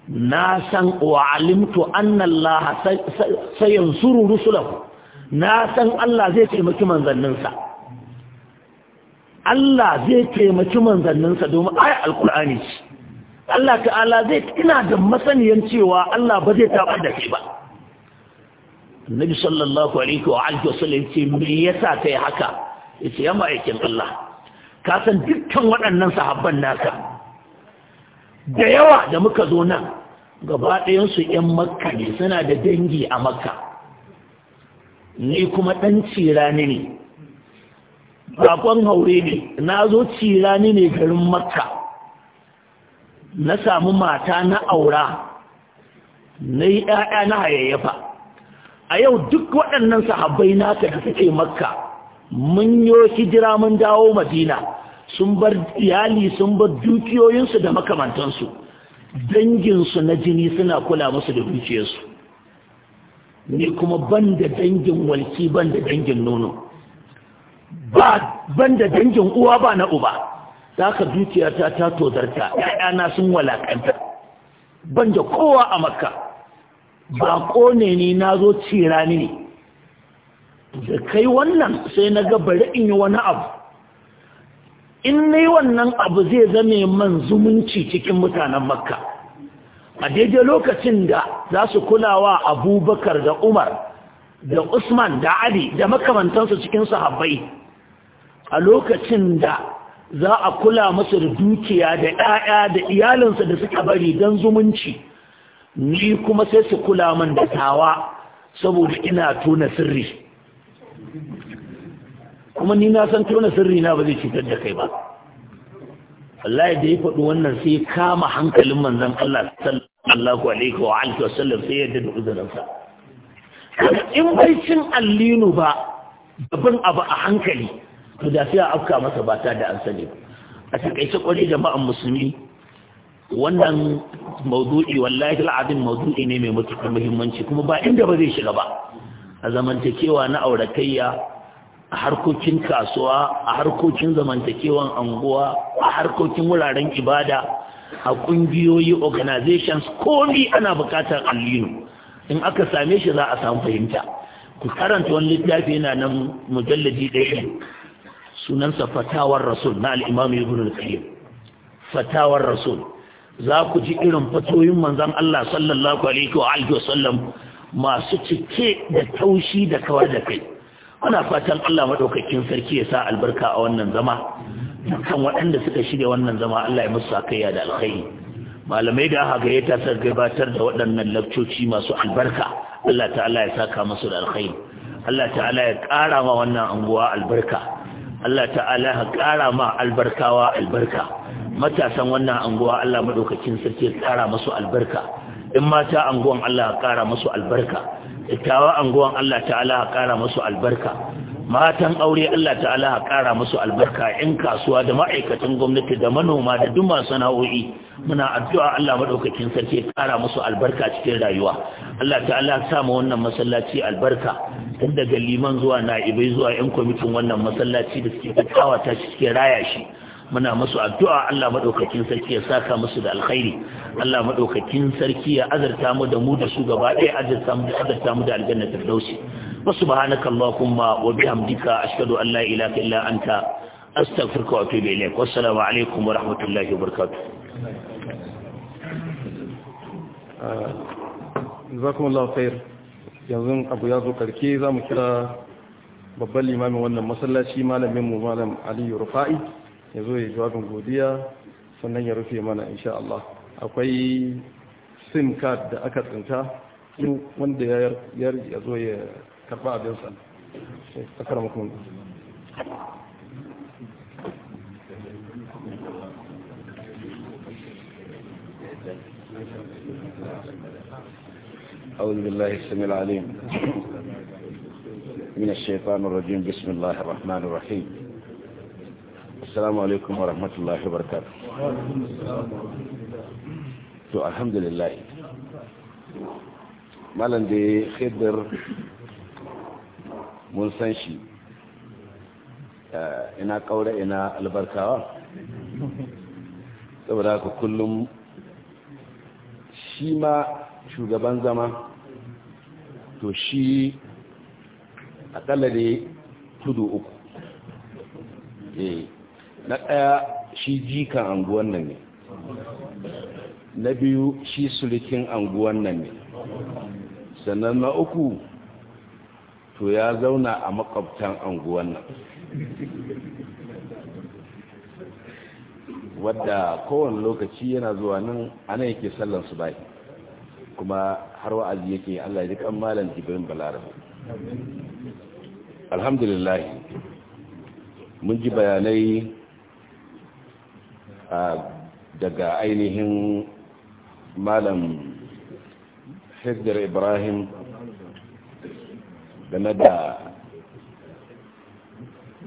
na san wa alimtu anna Allah sayansuru rusulahu na san Allah zai taimaki manzanninsa Allah zai taimaki manzanninsa domin ayi alkur'ani Allah ta'ala zai ina da masaniyan cewa Allah ba zai taba da shi ba Annabi sallallahu alaihi wa alihi wasallam ce me yasa kai haka yace ya ma'aikin Allah ka san dukkan waɗannan sahabban naka da yawa da muka zo nan gaba ɗayansu 'yan makka ne suna da dangi a makka ni kuma ɗan cirani ne bakon haure ne na zo cirani ne garin makka na samu mata na aura na yi ‘ya'ya na hayayyafa a yau duk waɗannan sahabbai naka da suke makka mun yi hijira mun dawo madina sun bar iyali sun bar dukiyoyinsu da makamantansu danginsu na jini suna kula musu da dukiyarsu ne kuma ban da dangin walki ban da dangin nono ban da dangin uwa ba na uba za ka dukiyata ta tozarta ‘ya'yana sun walakanta ban da kowa a makka ba kone ne na zo cira ne da kai wannan sai na ga bari in yi wani abu in na wannan abu zai zame man zumunci cikin mutanen makka a daidai lokacin da za su wa abubakar da umar da usman da ali da makamantansu cikin sahabbai a lokacin da za a kula masu da dukiya da 'ya'ya da iyalinsa da suka bari don zumunci ni kuma sai su kula man da tawa saboda ina tona sirri kuma ni na san tona sirri na ba zai cutar da kai ba wallahi da ya faɗi wannan sai kama hankalin manzon Allah sallallahu alaihi wa alihi wasallam sai yadda da sa in bai cin allinu ba gaban abu a hankali to da sai a afka masa ba ta da an sani a takaice kwari jama'an musulmi wannan maudu'i wallahi al'adin maudu'i ne mai matukar muhimmanci kuma ba inda ba zai shiga ba a zamantakewa na auratayya a harkokin kasuwa a harkokin zamantakewan anguwa a harkokin wuraren ibada a kungiyoyi organizations komi ana bukatar alinu in aka same shi za a samu fahimta ku karanta wani littafi yana nan mujallaji ɗaya sunansa fatawar rasul na al'imamu ibn al-qayyim fatawar rasul za ku ji irin fatoyin manzon Allah sallallahu alaihi wa alihi masu cike da taushi da kawar da kai muna fatan Allah maɗaukakin sarki ya sa albarka a wannan zama kan waɗanda suka shirya wannan zama Allah ya musu sakayya da alkhairi malamai da aka gayyata suka gabatar da waɗannan lakcoci masu albarka Allah ta'ala ya saka musu da alkhairi Allah ta'ala ya ƙara ma wannan anguwa albarka Allah ta'ala ya ƙara ma albarkawa albarka matasan wannan anguwa Allah maɗaukakin sarki ya ƙara musu albarka in mata anguwan Allah ya kara musu albarka ittawa anguwan Allah ta'ala ya kara musu albarka matan aure Allah ta'ala ya kara musu albarka in kasuwa da ma'aikatan gwamnati da manoma da duk masu sana'o'i muna addu'a Allah madaukakin sarki ya kara musu albarka cikin rayuwa Allah ta'ala ya sa mu wannan masallaci albarka tun daga liman zuwa na'ibai zuwa 'yan kwamitin wannan masallaci da suke kawata cikin raya shi muna masu addu'a Allah madaukakin sarki ya saka musu da alkhairi Allah madaukakin sarki ya azarta mu da mu da su gaba ɗaya azarta mu da azarta mu da aljanna firdausi wa subhanaka allahumma wa bihamdika ashhadu an la ilaha illa anta astaghfiruka wa atubu ilaik wassalamu alaikum wa rahmatullahi wa barakatuh uh, jazakumullahu khair yanzu abu ya zo karke zamu kira babban limamin wannan masallaci malamin mu malam Aliyu Rufa'i yanzu zo ya jawabin godiya sannan ya rufe mana insha Allah akwai sim card da aka tsinta wanda ya ya zo ya karba abin a karamakon أعوذ بالله السميع العليم من الشيطان الرجيم بسم الله الرحمن الرحيم assalamu alaikum wa rahmatullahi wa to alhamdulillah malam da khidr mun san shi eh, ina kaura ina albarkawa saboda haka kullum shi ma shugaban zama to shi akalla ne tudu uku eh, na ɗaya shi jikan anguwan nan ne na biyu shi sulikin anguwan nan ne sannan na uku to ya zauna a makwabtan anguwan nan wadda kowane lokaci yana zuwa nan ana yake sallan su bai kuma har wa'azi yake Allah ya kan malam jibirin Balarabe alhamdulillah mun ji bayanai daga ainihin malam hizgar ibrahim game da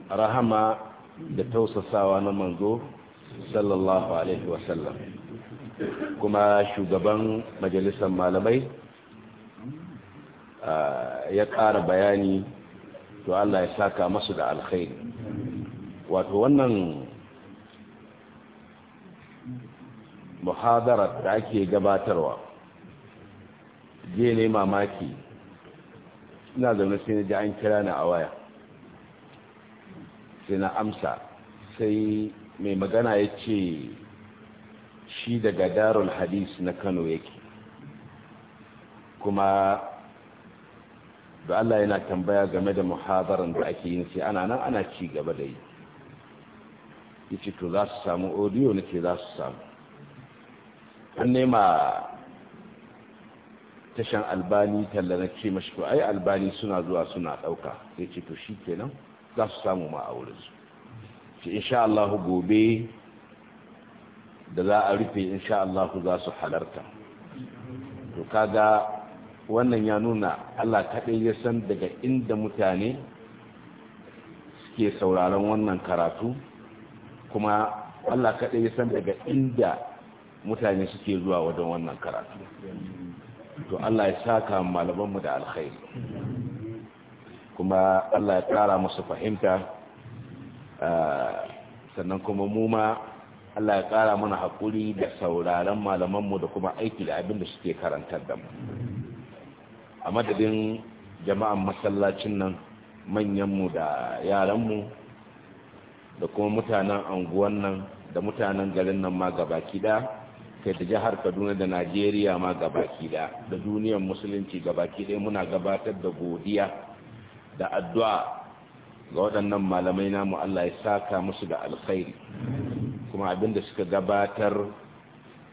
rahama da tausasawa na manzo sallallahu alaihi wasallam kuma shugaban majalisar malamai ya ƙara bayani to Allah ya saka masu da alkhairi wato wannan muhadarar da ake gabatarwa je ne mamaki ina zaune sai na ji an kira ni a waya sai na amsa sai mai magana ya ce shi daga darul hadis na kano yake kuma da Allah yana tambaya game da muhadarar da ake yin sai ana nan ana ci gaba da yi ya ce to za su samu audio na ce za su samu an nema tashan albani talla na ce mashi ai albani suna zuwa suna ɗauka sai ce to shi kenan za su samu ma a su ce insha Allah gobe da za a rufe insha Allah za su halarta to kaga wannan ya nuna Allah kaɗai ya san daga inda mutane suke sauraron wannan karatu kuma Allah kaɗai ya san daga inda mutane suke zuwa wajen wannan karatu to Allah ya saka malamanmu da alkhairi kuma Allah ya kara musu fahimta eh, sannan kuma mu ma Allah ya kara mana haƙuri da sauraron malamanmu da kuma aiki da abin da suke karantar da mu a madadin jama'an masallacin nan manyanmu da yaranmu da kuma mutanen anguwan nan da mutanen garin nan ma gabaki ɗaya kai da jihar kaduna da najeriya ma gabaki da da duniyar musulunci gabaki ɗaya muna gabatar da godiya da addu'a ga waɗannan malamai namu allah ya saka musu da alkhairi kuma abin da suka gabatar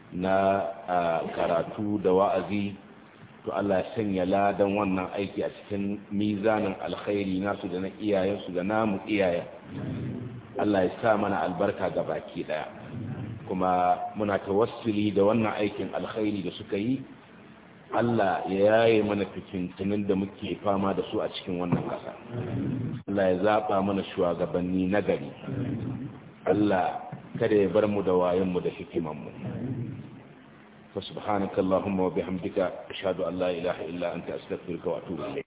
na karatu da wa'azi to allah ya sanya ladan wannan aiki a cikin mizanin alkhairi nasu da na iyayensu da namu iyayen allah ya sa mana albarka gabaki ɗaya kuma muna tawassuli da wannan aikin alkhairi da suka yi Allah ya yaye mana fitintunin da muke fama da su a cikin wannan ƙasa Allah ya zaɓa mana shugabanni na gari Allah kada ya bar mu da wayanmu da hikimanmu fa subhanakallahumma wa bihamdika ashhadu an la ilaha illa anta astaghfiruka wa atubu ilayk